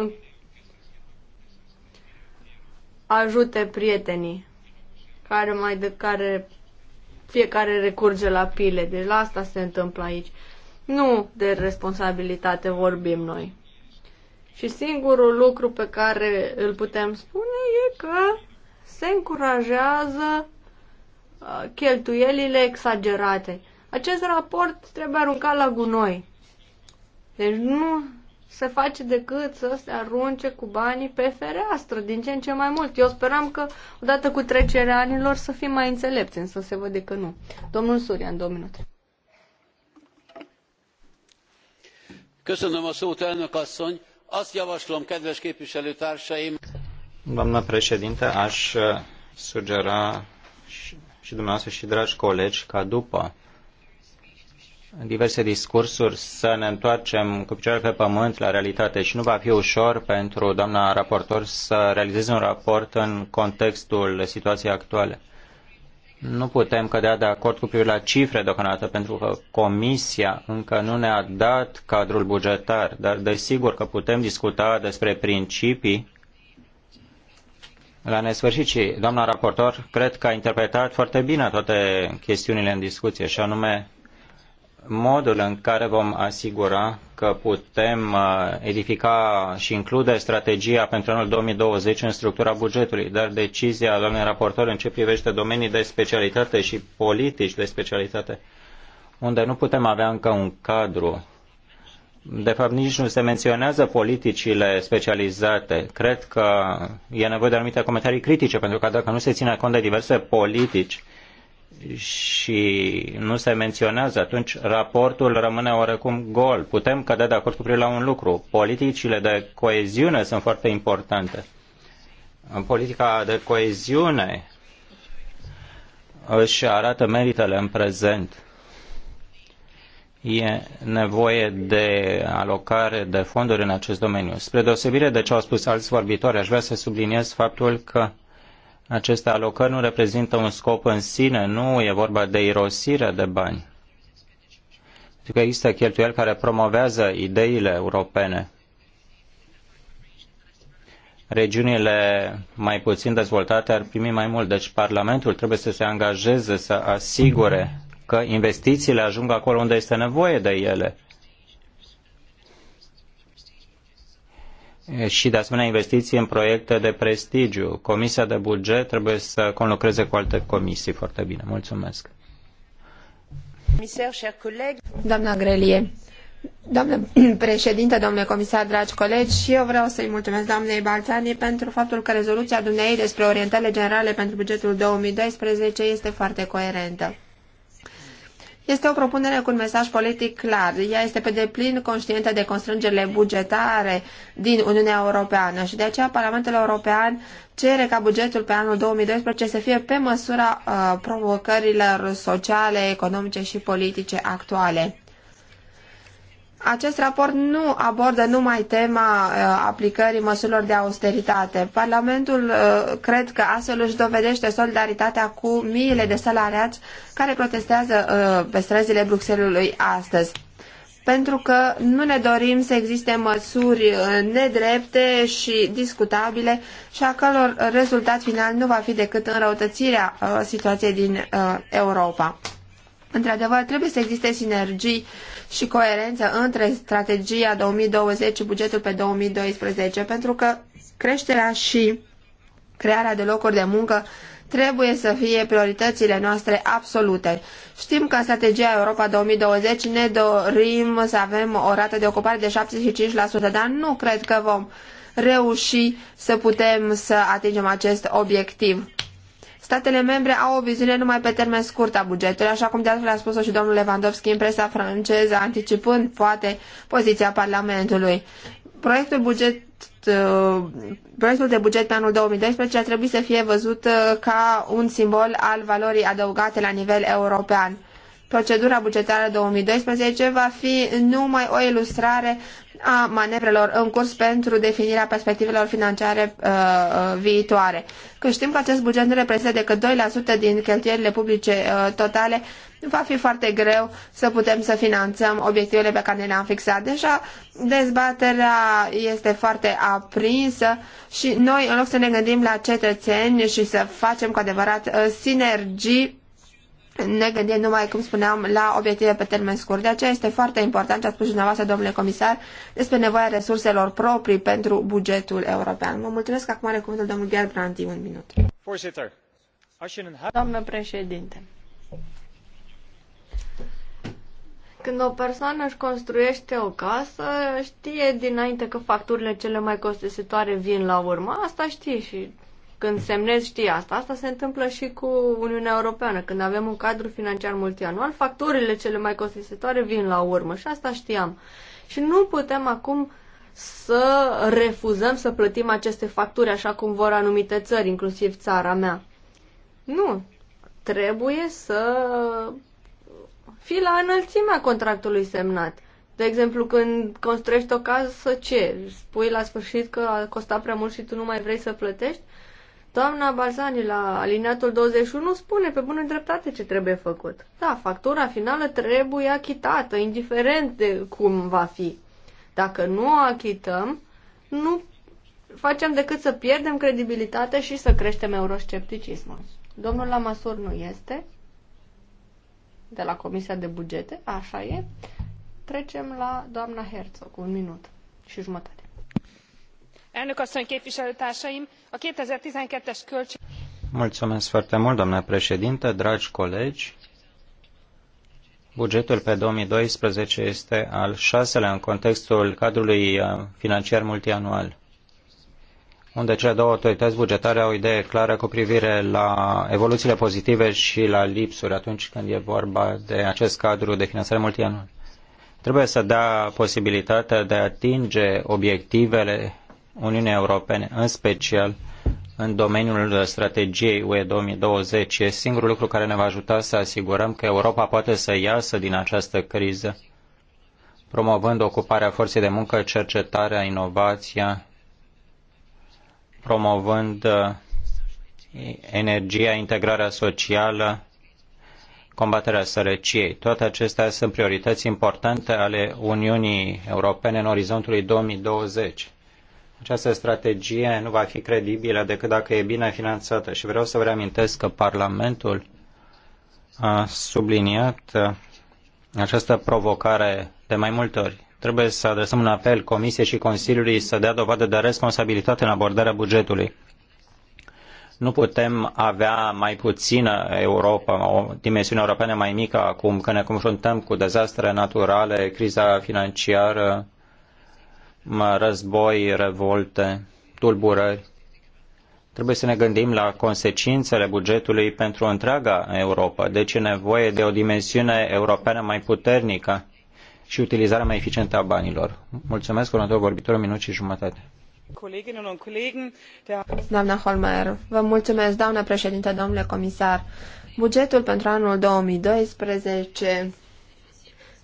uh, ajute prietenii care mai de care fiecare recurge la pile. Deci la asta se întâmplă aici. Nu de responsabilitate vorbim noi. Și singurul lucru pe care îl putem spune e că se încurajează uh, cheltuielile exagerate. Acest raport trebuie aruncat la gunoi. Deci nu se face decât să se arunce cu banii pe fereastră, din ce în ce mai mult. Eu speram că odată cu trecerea anilor să fim mai înțelepți, însă se vede că nu. Domnul Surian, două minute. Köszönöm a szót, elnök asszony. Azt javaslom, kedves képviselőtársaim. Doamna președinte, aș sugera și, și dumneavoastră și dragi colegi ca după în diverse discursuri să ne întoarcem cu picioarele pe pământ la realitate și nu va fi ușor pentru doamna raportor să realizeze un raport în contextul situației actuale. Nu putem cădea de acord cu privire la cifre deocamdată, pentru că Comisia încă nu ne-a dat cadrul bugetar, dar desigur că putem discuta despre principii la nesfârșit și doamna raportor cred că a interpretat foarte bine toate chestiunile în discuție și anume modul în care vom asigura că putem uh, edifica și include strategia pentru anul 2020 în structura bugetului, dar decizia doamnei raportor în ce privește domenii de specialitate și politici de specialitate, unde nu putem avea încă un cadru. De fapt, nici nu se menționează politicile specializate. Cred că e nevoie de anumite comentarii critice, pentru că dacă nu se ține cont de diverse politici, și nu se menționează, atunci raportul rămâne oarecum gol. Putem cădea de acord cu privire la un lucru. Politicile de coeziune sunt foarte importante. În politica de coeziune își arată meritele în prezent. E nevoie de alocare de fonduri în acest domeniu. Spre deosebire de ce au spus alți vorbitori, aș vrea să subliniez faptul că aceste alocări nu reprezintă un scop în sine, nu e vorba de irosire de bani. Pentru că există cheltuieli care promovează ideile europene. Regiunile mai puțin dezvoltate ar primi mai mult, deci Parlamentul trebuie să se angajeze, să asigure că investițiile ajung acolo unde este nevoie de ele și, de asemenea, investiții în proiecte de prestigiu. Comisia de buget trebuie să conlucreze cu alte comisii foarte bine. Mulțumesc. Doamna Grelie, doamnă <clears throat> președinte, domnule comisar, dragi colegi, și eu vreau să-i mulțumesc doamnei Balțani pentru faptul că rezoluția dumneei despre orientările generale pentru bugetul 2012 este foarte coerentă. Este o propunere cu un mesaj politic clar. Ea este pe deplin conștientă de constrângerile bugetare din Uniunea Europeană și de aceea Parlamentul European cere ca bugetul pe anul 2012 să fie pe măsura uh, provocărilor sociale, economice și politice actuale. Acest raport nu abordă numai tema uh, aplicării măsurilor de austeritate. Parlamentul uh, cred că astfel își dovedește solidaritatea cu miile de salariați care protestează uh, pe străzile Bruxellesului astăzi. Pentru că nu ne dorim să existe măsuri nedrepte și discutabile și a căror rezultat final nu va fi decât înrăutățirea situației din Europa. Într-adevăr, trebuie să existe sinergii și coerență între strategia 2020 și bugetul pe 2012, pentru că creșterea și crearea de locuri de muncă trebuie să fie prioritățile noastre absolute. Știm că în strategia Europa 2020 ne dorim să avem o rată de ocupare de 75%, dar nu cred că vom reuși să putem să atingem acest obiectiv. Statele membre au o viziune numai pe termen scurt a bugetului, așa cum de altfel a spus-o și domnul Lewandowski în presa franceză, anticipând, poate, poziția Parlamentului. Proiectul, buget, uh, proiectul de buget pe anul 2012 ar trebui să fie văzut uh, ca un simbol al valorii adăugate la nivel european. Procedura bugetară 2012 va fi numai o ilustrare a manevrelor în curs pentru definirea perspectivelor financiare uh, uh viitoare. Când știm că acest buget nu reprezintă decât 2% din cheltuielile publice uh, totale, va fi foarte greu să putem să finanțăm obiectivele pe care le-am fixat deja. Dezbaterea este foarte aprinsă și noi, în loc să ne gândim la cetățeni și să facem cu adevărat uh, sinergii ne gândim numai, cum spuneam, la obiective pe termen scurt. De aceea este foarte important ce a spus dumneavoastră, domnule comisar, despre nevoia resurselor proprii pentru bugetul european. Vă mulțumesc. Acum are cuvântul domnul Gerbrandi, un minut. Doamnă președinte, când o persoană își construiește o casă, știe dinainte că facturile cele mai costisitoare vin la urmă. Asta știe și când semnezi, știi asta. Asta se întâmplă și cu Uniunea Europeană. Când avem un cadru financiar multianual, facturile cele mai costisitoare vin la urmă și asta știam. Și nu putem acum să refuzăm să plătim aceste facturi așa cum vor anumite țări, inclusiv țara mea. Nu. Trebuie să fii la înălțimea contractului semnat. De exemplu, când construiești o casă, ce? Spui la sfârșit că a costat prea mult și tu nu mai vrei să plătești? Doamna Balzani la alineatul 21 spune pe bună dreptate ce trebuie făcut. Da, factura finală trebuie achitată, indiferent de cum va fi. Dacă nu o achităm, nu facem decât să pierdem credibilitatea și să creștem euroscepticismul. Domnul Lamasur nu este de la Comisia de Bugete, așa e. Trecem la doamna Herzog, un minut și jumătate elnök asszony képviselőtársaim a two thousand and twelve es költségvetés bugetul pe 2012 este al șaselea în contextul cadrului uh, financiar multianual, unde cele două autorități bugetare au o idee clară cu privire la evoluțiile pozitive și la lipsuri atunci când e vorba de acest cadru de finanțare multianual. Trebuie să dea posibilitatea de a atinge obiectivele Uniunii Europene, în special în domeniul strategiei UE 2020, e singurul lucru care ne va ajuta să asigurăm că Europa poate să iasă din această criză, promovând ocuparea forței de muncă, cercetarea, inovația, promovând uh, energia, integrarea socială, combaterea sărăciei. Toate acestea sunt priorități importante ale Uniunii Europene în orizontului 2020. Această strategie nu va fi credibilă decât dacă e bine finanțată și vreau să vă reamintesc că Parlamentul a subliniat uh, această provocare de mai multe ori. Trebuie să adresăm un apel Comisiei și Consiliului să dea dovadă de responsabilitate în abordarea bugetului. Nu putem avea mai puțină Europa, o dimensiune europeană mai mică acum, când ne confruntăm cu dezastre naturale, criza financiară, război, revolte, tulburări. Trebuie să ne gândim la consecințele bugetului pentru întreaga Europa. Deci e nevoie de o dimensiune europeană mai puternică și utilizarea mai eficientă a banilor. Mulțumesc, următorul vorbitor, minut și jumătate. Doamna Holmer, vă mulțumesc, doamnă președinte, domnule comisar. Bugetul pentru anul 2012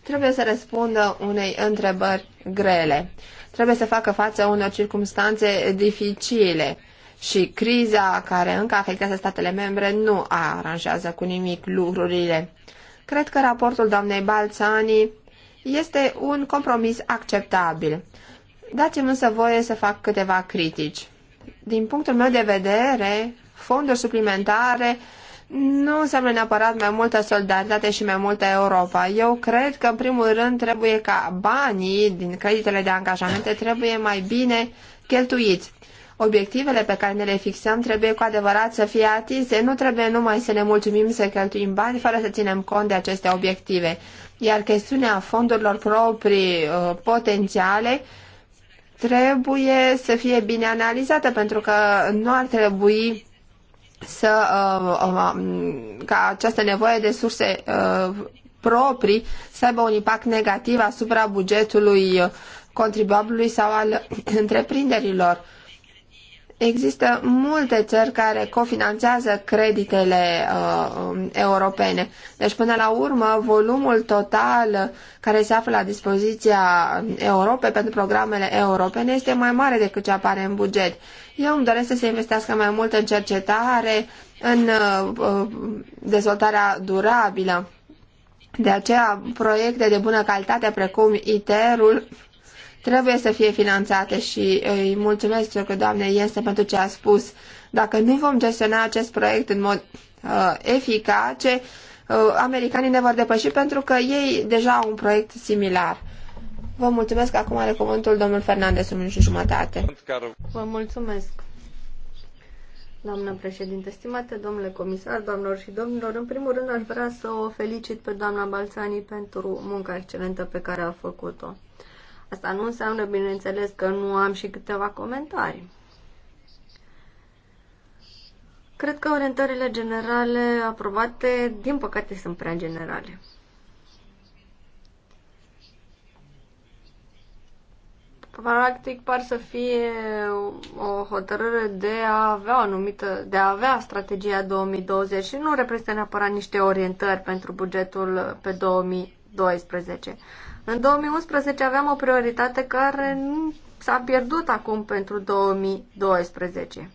trebuie să răspundă unei întrebări grele. Trebuie să facă față unor circumstanțe dificile și criza care încă afectează statele membre nu aranjează cu nimic lucrurile. Cred că raportul doamnei Balțani este un compromis acceptabil. Dați-mi însă voie să fac câteva critici. Din punctul meu de vedere, fonduri suplimentare nu înseamnă neapărat mai multă solidaritate și mai multă Europa. Eu cred că, în primul rând, trebuie ca banii din creditele de angajamente trebuie mai bine cheltuiți. Obiectivele pe care ne le fixăm trebuie cu adevărat să fie atinse, nu trebuie numai să ne mulțumim să cheltuim bani fără să ținem cont de aceste obiective. Iar chestiunea fondurilor proprii uh, potențiale trebuie să fie bine analizată, pentru că nu ar trebui să, uh, um, um, ca această nevoie de surse uh, proprii să aibă un impact negativ asupra bugetului contribuabilului sau al <clears throat> întreprinderilor. Există multe țări care cofinanțează creditele uh, um, europene. Deci, până la urmă, volumul total care se află la dispoziția Europei pentru programele europene este mai mare decât ce apare în buget. Eu îmi doresc să se investească mai mult în cercetare, în uh, uh, dezvoltarea durabilă. De aceea, proiecte de bună calitate precum ITER-ul trebuie să fie finanțate și îi mulțumesc că doamne este pentru ce a spus. Dacă nu vom gestiona acest proiect în mod uh, eficace, uh, americanii ne vor depăși pentru că ei deja au un proiect similar. Vă mulțumesc. Acum are cuvântul domnul Fernandez, un și jumătate. Vă mulțumesc. Doamnă președinte, stimate domnule comisar, doamnelor și domnilor, în primul rând aș vrea să o felicit pe doamna Balțani pentru munca excelentă pe care a făcut-o. Asta nu înseamnă, bineînțeles, că nu am și câteva comentarii. Cred că orientările generale aprobate, din păcate, sunt prea generale. practic par să fie o hotărâre de a avea o anumită, de a avea strategia 2020 și nu reprezintă neapărat niște orientări pentru bugetul pe 2012. În 2011 aveam o prioritate care s-a pierdut acum pentru 2012.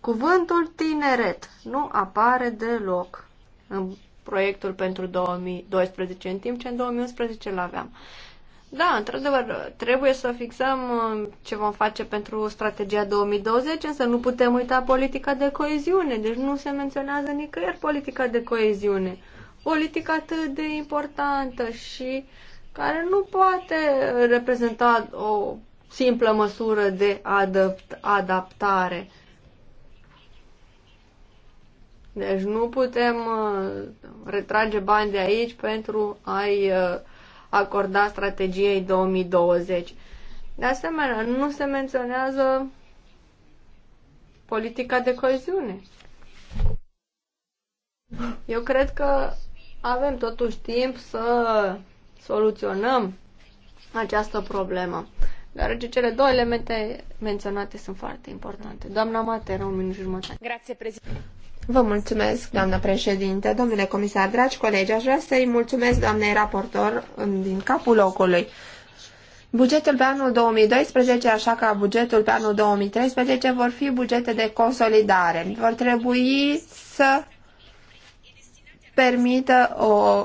Cuvântul tineret nu apare deloc în proiectul pentru 2012, în timp ce în 2011 l aveam. Da, într-adevăr, trebuie să fixăm uh, ce vom face pentru strategia 2020, însă nu putem uita politica de coeziune, deci nu se menționează nicăieri politica de coeziune. Politica atât de importantă și care nu poate reprezenta o simplă măsură de adapt- adaptare. Deci nu putem uh, retrage bani de aici pentru a-i uh, acorda strategiei 2020. De asemenea, nu se menționează politica de coeziune. Eu cred că avem totuși timp să soluționăm această problemă, deoarece cele două elemente menționate sunt foarte importante. Doamna Matera, un minut și jumătate. Grație, prezident. Vă mulțumesc, doamnă președinte, domnule comisar, dragi colegi, aș vrea să-i mulțumesc doamnei raportor din capul locului. Bugetul pe anul 2012, așa ca bugetul pe anul 2013, vor fi bugete de consolidare. Vor trebui să permită o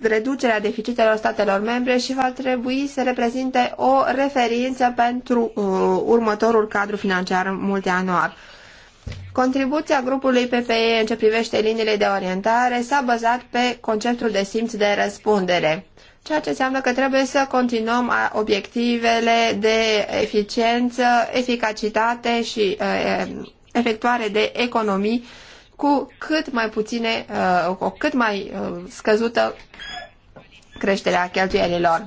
reducere a deficitelor statelor membre și va trebui să reprezinte o referință pentru uh, următorul cadru financiar multianual. Contribuția grupului PPE în ce privește liniile de orientare s-a bazat pe conceptul de simț de răspundere, ceea ce înseamnă că trebuie să continuăm obiectivele de eficiență, eficacitate și efectuare de economii cu cât mai puține, cu cât mai scăzută creșterea cheltuielilor.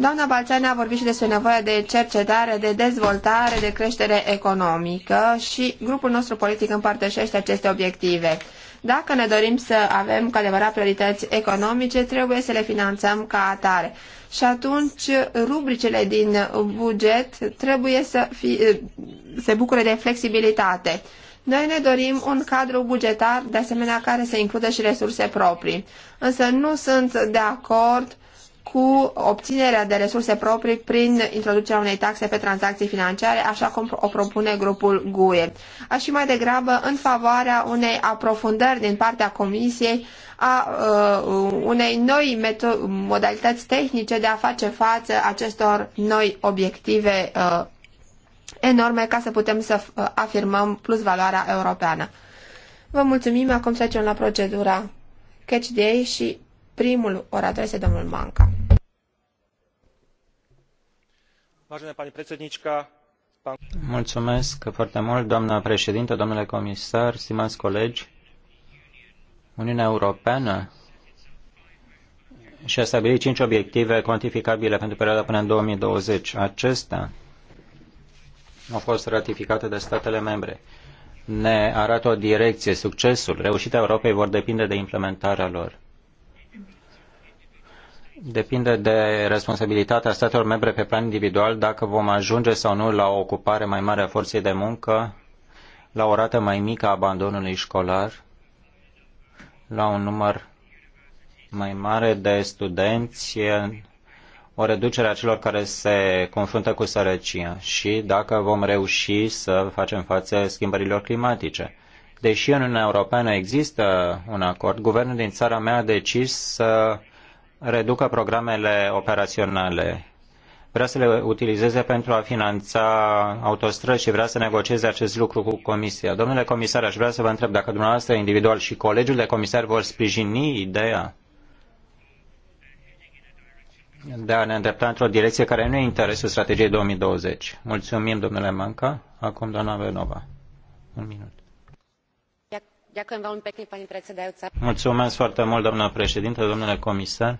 Doamna Balceane a vorbit și despre nevoia de cercetare, de dezvoltare, de creștere economică și grupul nostru politic împărtășește aceste obiective. Dacă ne dorim să avem cu adevărat priorități economice, trebuie să le finanțăm ca atare. Și atunci rubricile din buget trebuie să fi, se bucure de flexibilitate. Noi ne dorim un cadru bugetar, de asemenea, care să includă și resurse proprii. Însă nu sunt de acord cu obținerea de resurse proprii prin introducerea unei taxe pe tranzacții financiare, așa cum o propune grupul GUE. Aș fi mai degrabă în favoarea unei aprofundări din partea Comisiei a uh, unei noi modalități tehnice de a face față acestor noi obiective uh, enorme ca să putem să uh, afirmăm plus valoarea europeană. Vă mulțumim, acum trecem la procedura catch day și primul orator este domnul Manca. Mulțumesc foarte mult, doamna președintă, domnule comisar, stimați colegi. Uniunea Europeană și-a stabilit cinci obiective cuantificabile pentru perioada până în 2020. Acestea au fost ratificate de statele membre. Ne arată o direcție, succesul, reușita Europei vor depinde de implementarea lor depinde de responsabilitatea statelor membre pe plan individual dacă vom ajunge sau nu la o ocupare mai mare a forței de muncă, la o rată mai mică a abandonului școlar, la un număr mai mare de studenți, o reducere a celor care se confruntă cu sărăcia și dacă vom reuși să facem față schimbărilor climatice. Deși în Uniunea Europeană există un acord, guvernul din țara mea a decis să uh, reducă programele operaționale. Vrea să le utilizeze pentru a finanța autostrăzi și vrea să negocieze acest lucru cu Comisia. Domnule comisar, aș vrea să vă întreb dacă dumneavoastră individual și colegiul de comisar vor sprijini ideea de a ne îndrepta într-o direcție care nu e interesul strategiei 2020. Mulțumim, domnule Manca. Acum, doamna Venova. Un minut foarte domnule comisar.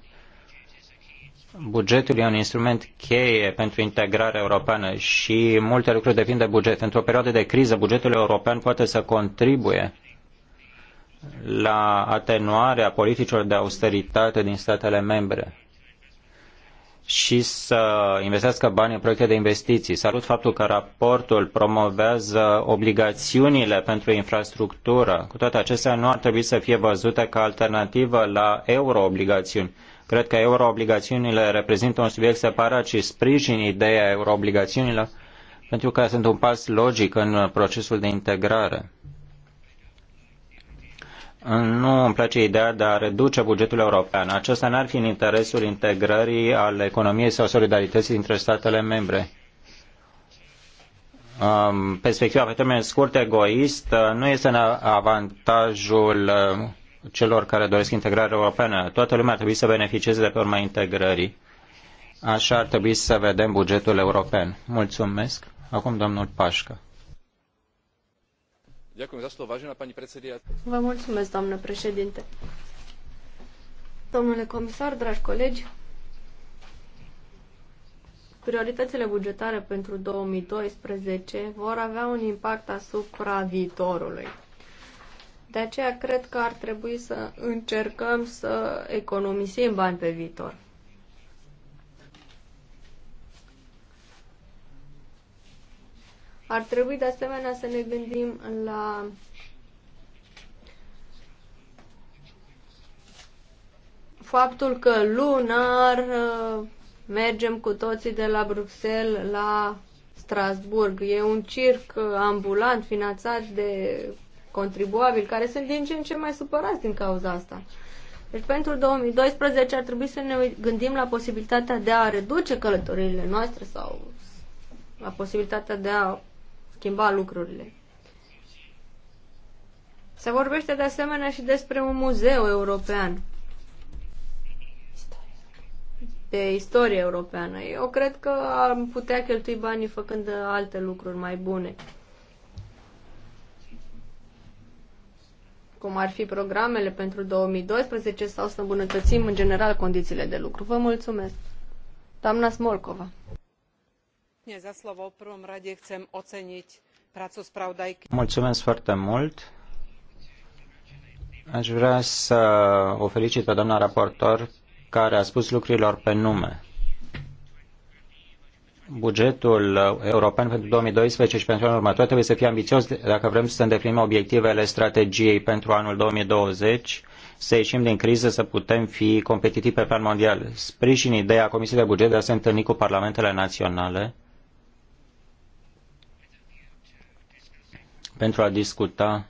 Bugetul e un instrument cheie pentru integrarea europeană și multe lucruri depind de buget. Într-o perioadă de criză, bugetul european poate să contribuie la atenuarea politicilor de austeritate din statele membre și să investească bani în proiecte de investiții. Salut faptul că raportul promovează obligațiunile pentru infrastructură. Cu toate acestea, nu ar trebui să fie văzute ca alternativă la euroobligațiuni. Cred că euroobligațiunile reprezintă un subiect separat și sprijin ideea euroobligațiunilor pentru că sunt un pas logic în procesul de integrare nu îmi place ideea de a reduce bugetul european. Acesta n-ar fi în interesul integrării al economiei sau solidarității dintre statele membre. Um, perspectiva pe termen scurt egoist uh, nu este în avantajul uh, celor care doresc integrarea europeană. Toată lumea ar trebui să beneficieze de pe urma integrării. Așa ar trebui să vedem bugetul european. Mulțumesc. Acum domnul Pașcă. Vă mulțumesc, președinte. Domnule comisar, dragi colegi, prioritățile bugetare pentru 2012 vor avea un impact asupra viitorului. De aceea cred că ar trebui să încercăm să economisim bani pe viitor. Ar trebui de asemenea să ne gândim la faptul că lunar uh, mergem cu toții de la Bruxelles la Strasburg. E un circ uh, ambulant finanțat de contribuabili care sunt din ce în ce mai supărați din cauza asta. Deci pentru 2012 ar trebui să ne gândim la posibilitatea de a reduce călătoriile noastre sau la posibilitatea de a schimba lucrurile. Se vorbește de asemenea și despre un muzeu european de istorie europeană. Eu cred că am putea cheltui banii făcând alte lucruri mai bune. cum ar fi programele pentru 2012 sau să îmbunătățim în general condițiile de lucru. Vă mulțumesc. Doamna Smolcova v prvom rade chcem oceniť prácu spravodajky. Mulțumesc foarte mult. Aș vrea să o felicit pe doamna raportor care a spus lucrurilor pe nume. Bugetul european pentru 2012 și pentru anul următor trebuie să fie ambițios dacă vrem să îndeplinim obiectivele strategiei pentru anul 2020 să ieșim din criză, să putem fi competitivi pe plan mondial. Sprijin ideea Comisiei de Buget de a se întâlni cu parlamentele naționale pentru a discuta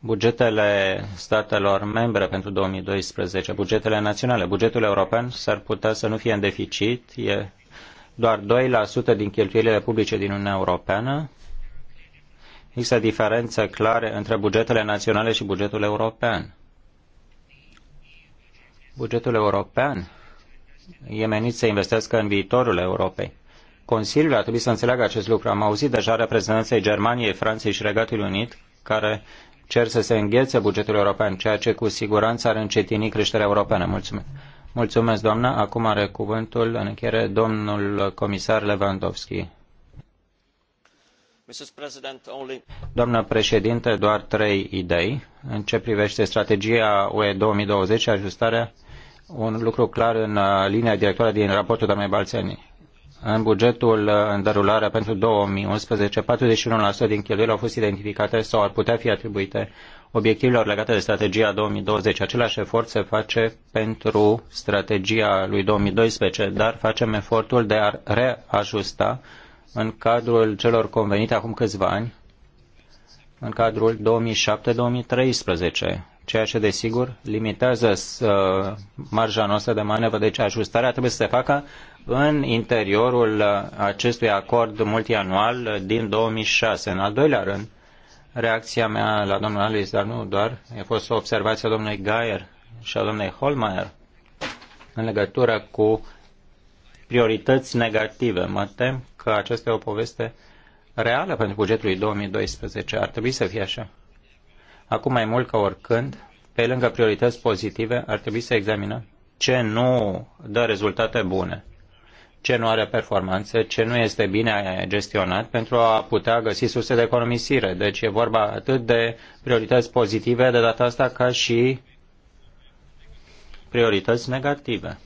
bugetele statelor membre pentru 2012, bugetele naționale. Bugetul european s-ar putea să nu fie în deficit, e doar 2% din cheltuielile publice din Uniunea Europeană. Există diferențe clare între bugetele naționale și bugetul european. Bugetul european e menit să investească în viitorul Europei. Consiliul ar trebui să înțeleagă acest lucru. Am auzit deja reprezentanței Germaniei, Franței și Regatului Unit care cer să se înghețe bugetul european, ceea ce cu siguranță ar încetini creșterea europeană. Mulțumesc. Mulțumesc, doamnă. Acum are cuvântul în încheiere domnul comisar Lewandowski. Doamnă președinte, doar trei idei. În ce privește strategia UE 2020 și ajustarea, un lucru clar în uh, linia directoare din raportul doamnei Balțenii. În bugetul în derulare pentru 2011, 41% din cheltuieli au fost identificate sau ar putea fi atribuite obiectivelor legate de strategia 2020. Același efort se face pentru strategia lui 2012, dar facem efortul de a reajusta în cadrul celor convenite acum câțiva ani, în cadrul 2007-2013, ceea ce, desigur, limitează uh, marja noastră de manevră. Deci ajustarea trebuie să se facă în interiorul acestui acord multianual din 2006. În al doilea rând, reacția mea la domnul Alice, dar nu doar, a fost o observație a domnului Gaier și a domnului Holmeier în legătură cu priorități negative. Mă tem că aceasta e o poveste reală pentru bugetul lui 2012. Ar trebui să fie așa. Acum mai mult ca oricând, pe lângă priorități pozitive, ar trebui să examinăm ce nu dă rezultate bune ce nu are performanțe, ce nu este bine gestionat, pentru a putea găsi surse de economisire. Deci e vorba atât de priorități pozitive de data asta, ca și priorități negative.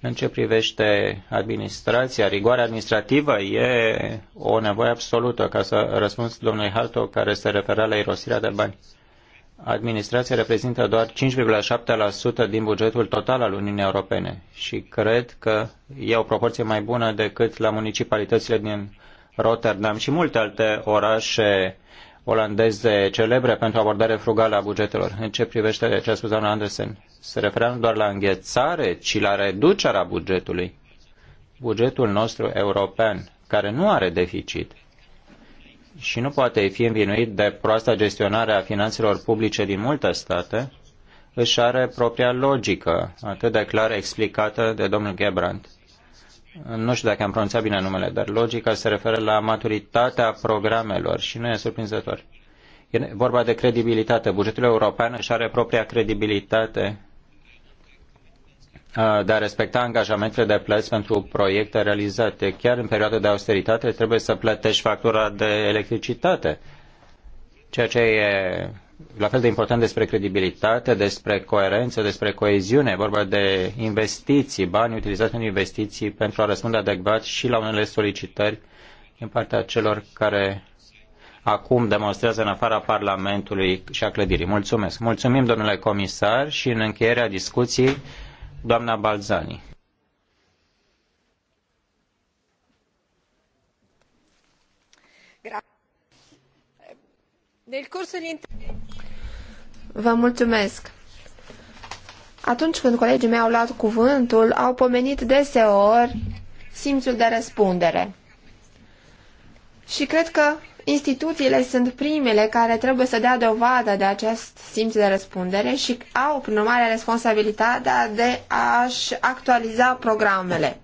În ce privește administrația, rigoarea administrativă e o nevoie absolută, ca să răspuns domnului Harto, care se referea la irosirea de bani administrația reprezintă doar 5,7% din bugetul total al Uniunii Europene și cred că e o proporție mai bună decât la municipalitățile din Rotterdam și multe alte orașe olandeze celebre pentru abordare frugală a bugetelor. În ce privește ce a spus doamna Andersen, se referea nu doar la înghețare, ci la reducerea bugetului. Bugetul nostru european, care nu are deficit, și nu poate fi învinuit de proasta gestionare a finanțelor publice din multe state, își are propria logică, atât de clar explicată de domnul Gebrand. Nu știu dacă am pronunțat bine numele, dar logica se referă la maturitatea programelor și nu e surprinzător. E vorba de credibilitate. Bugetul european își are propria credibilitate Uh, de a respecta angajamentele de plăți pentru proiecte realizate. Chiar în perioada de austeritate trebuie să plătești factura de electricitate, ceea ce e la fel de important despre credibilitate, despre coerență, despre coeziune. E vorba de investiții, bani utilizați în investiții pentru a răspunde adecvat și la unele solicitări din partea celor care acum demonstrează în afara Parlamentului și a clădirii. Mulțumesc. Mulțumim, domnule comisar, și în încheierea discuției doamna Balzani. Vă mulțumesc. Atunci când colegii mei au luat cuvântul, au pomenit deseori simțul de răspundere. Și cred că instituțiile sunt primele care trebuie să dea dovadă de acest simț de răspundere și au, prin urmare, responsabilitatea de a-și actualiza programele.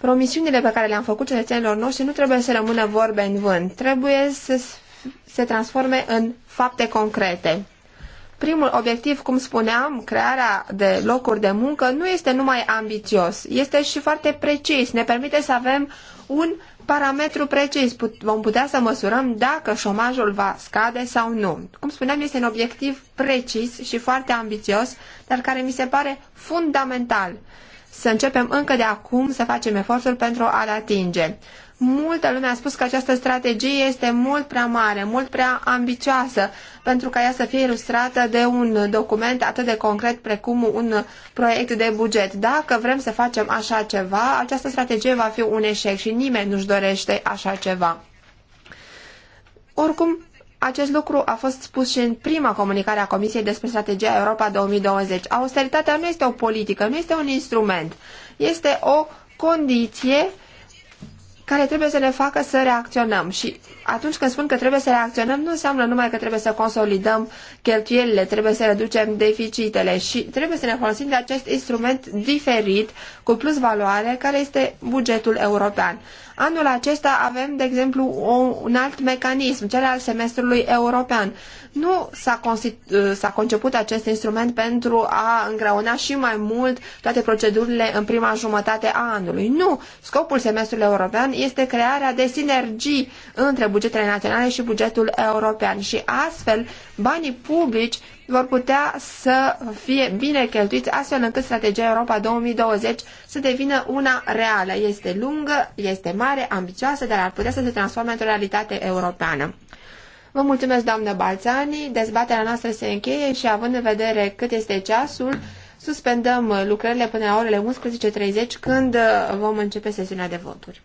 Promisiunile pe care le-am făcut cetățenilor noștri nu trebuie să rămână vorbe în vânt, trebuie să se transforme în fapte concrete. Primul obiectiv, cum spuneam, crearea de locuri de muncă, nu este numai ambițios, este și foarte precis. Ne permite să avem un parametru precis. Vom putea să măsurăm dacă șomajul va scade sau nu. Cum spuneam, este un obiectiv precis și foarte ambițios, dar care mi se pare fundamental. Să începem încă de acum să facem efortul pentru a-l atinge. Multă lume a spus că această strategie este mult prea mare, mult prea ambicioasă, pentru ca ea să fie ilustrată de un document atât de concret precum un proiect de buget. Dacă vrem să facem așa ceva, această strategie va fi un eșec și nimeni nu-și dorește așa ceva. Oricum, acest lucru a fost spus și în prima comunicare a Comisiei despre strategia Europa 2020. Austeritatea nu este o politică, nu este un instrument, este o condiție care trebuie să ne facă să reacționăm. Și atunci când spun că trebuie să reacționăm, nu înseamnă numai că trebuie să consolidăm cheltuielile, trebuie să reducem deficitele și trebuie să ne folosim de acest instrument diferit cu plus valoare, care este bugetul european. Anul acesta avem, de exemplu, un alt mecanism, cel al semestrului european. Nu s-a, conceput acest instrument pentru a îngreuna și mai mult toate procedurile în prima jumătate a anului. Nu! Scopul semestrului european este crearea de sinergii între bugetele naționale și bugetul european și astfel banii publici vor putea să fie bine cheltuiți astfel încât strategia Europa 2020 să devină una reală. Este lungă, este mare, ambicioasă, dar ar putea să se transforme într-o realitate europeană. Vă mulțumesc, doamnă Balțani. Dezbaterea noastră se încheie și având în vedere cât este ceasul, suspendăm lucrările până la orele 11.30 când uh, vom începe sesiunea de voturi.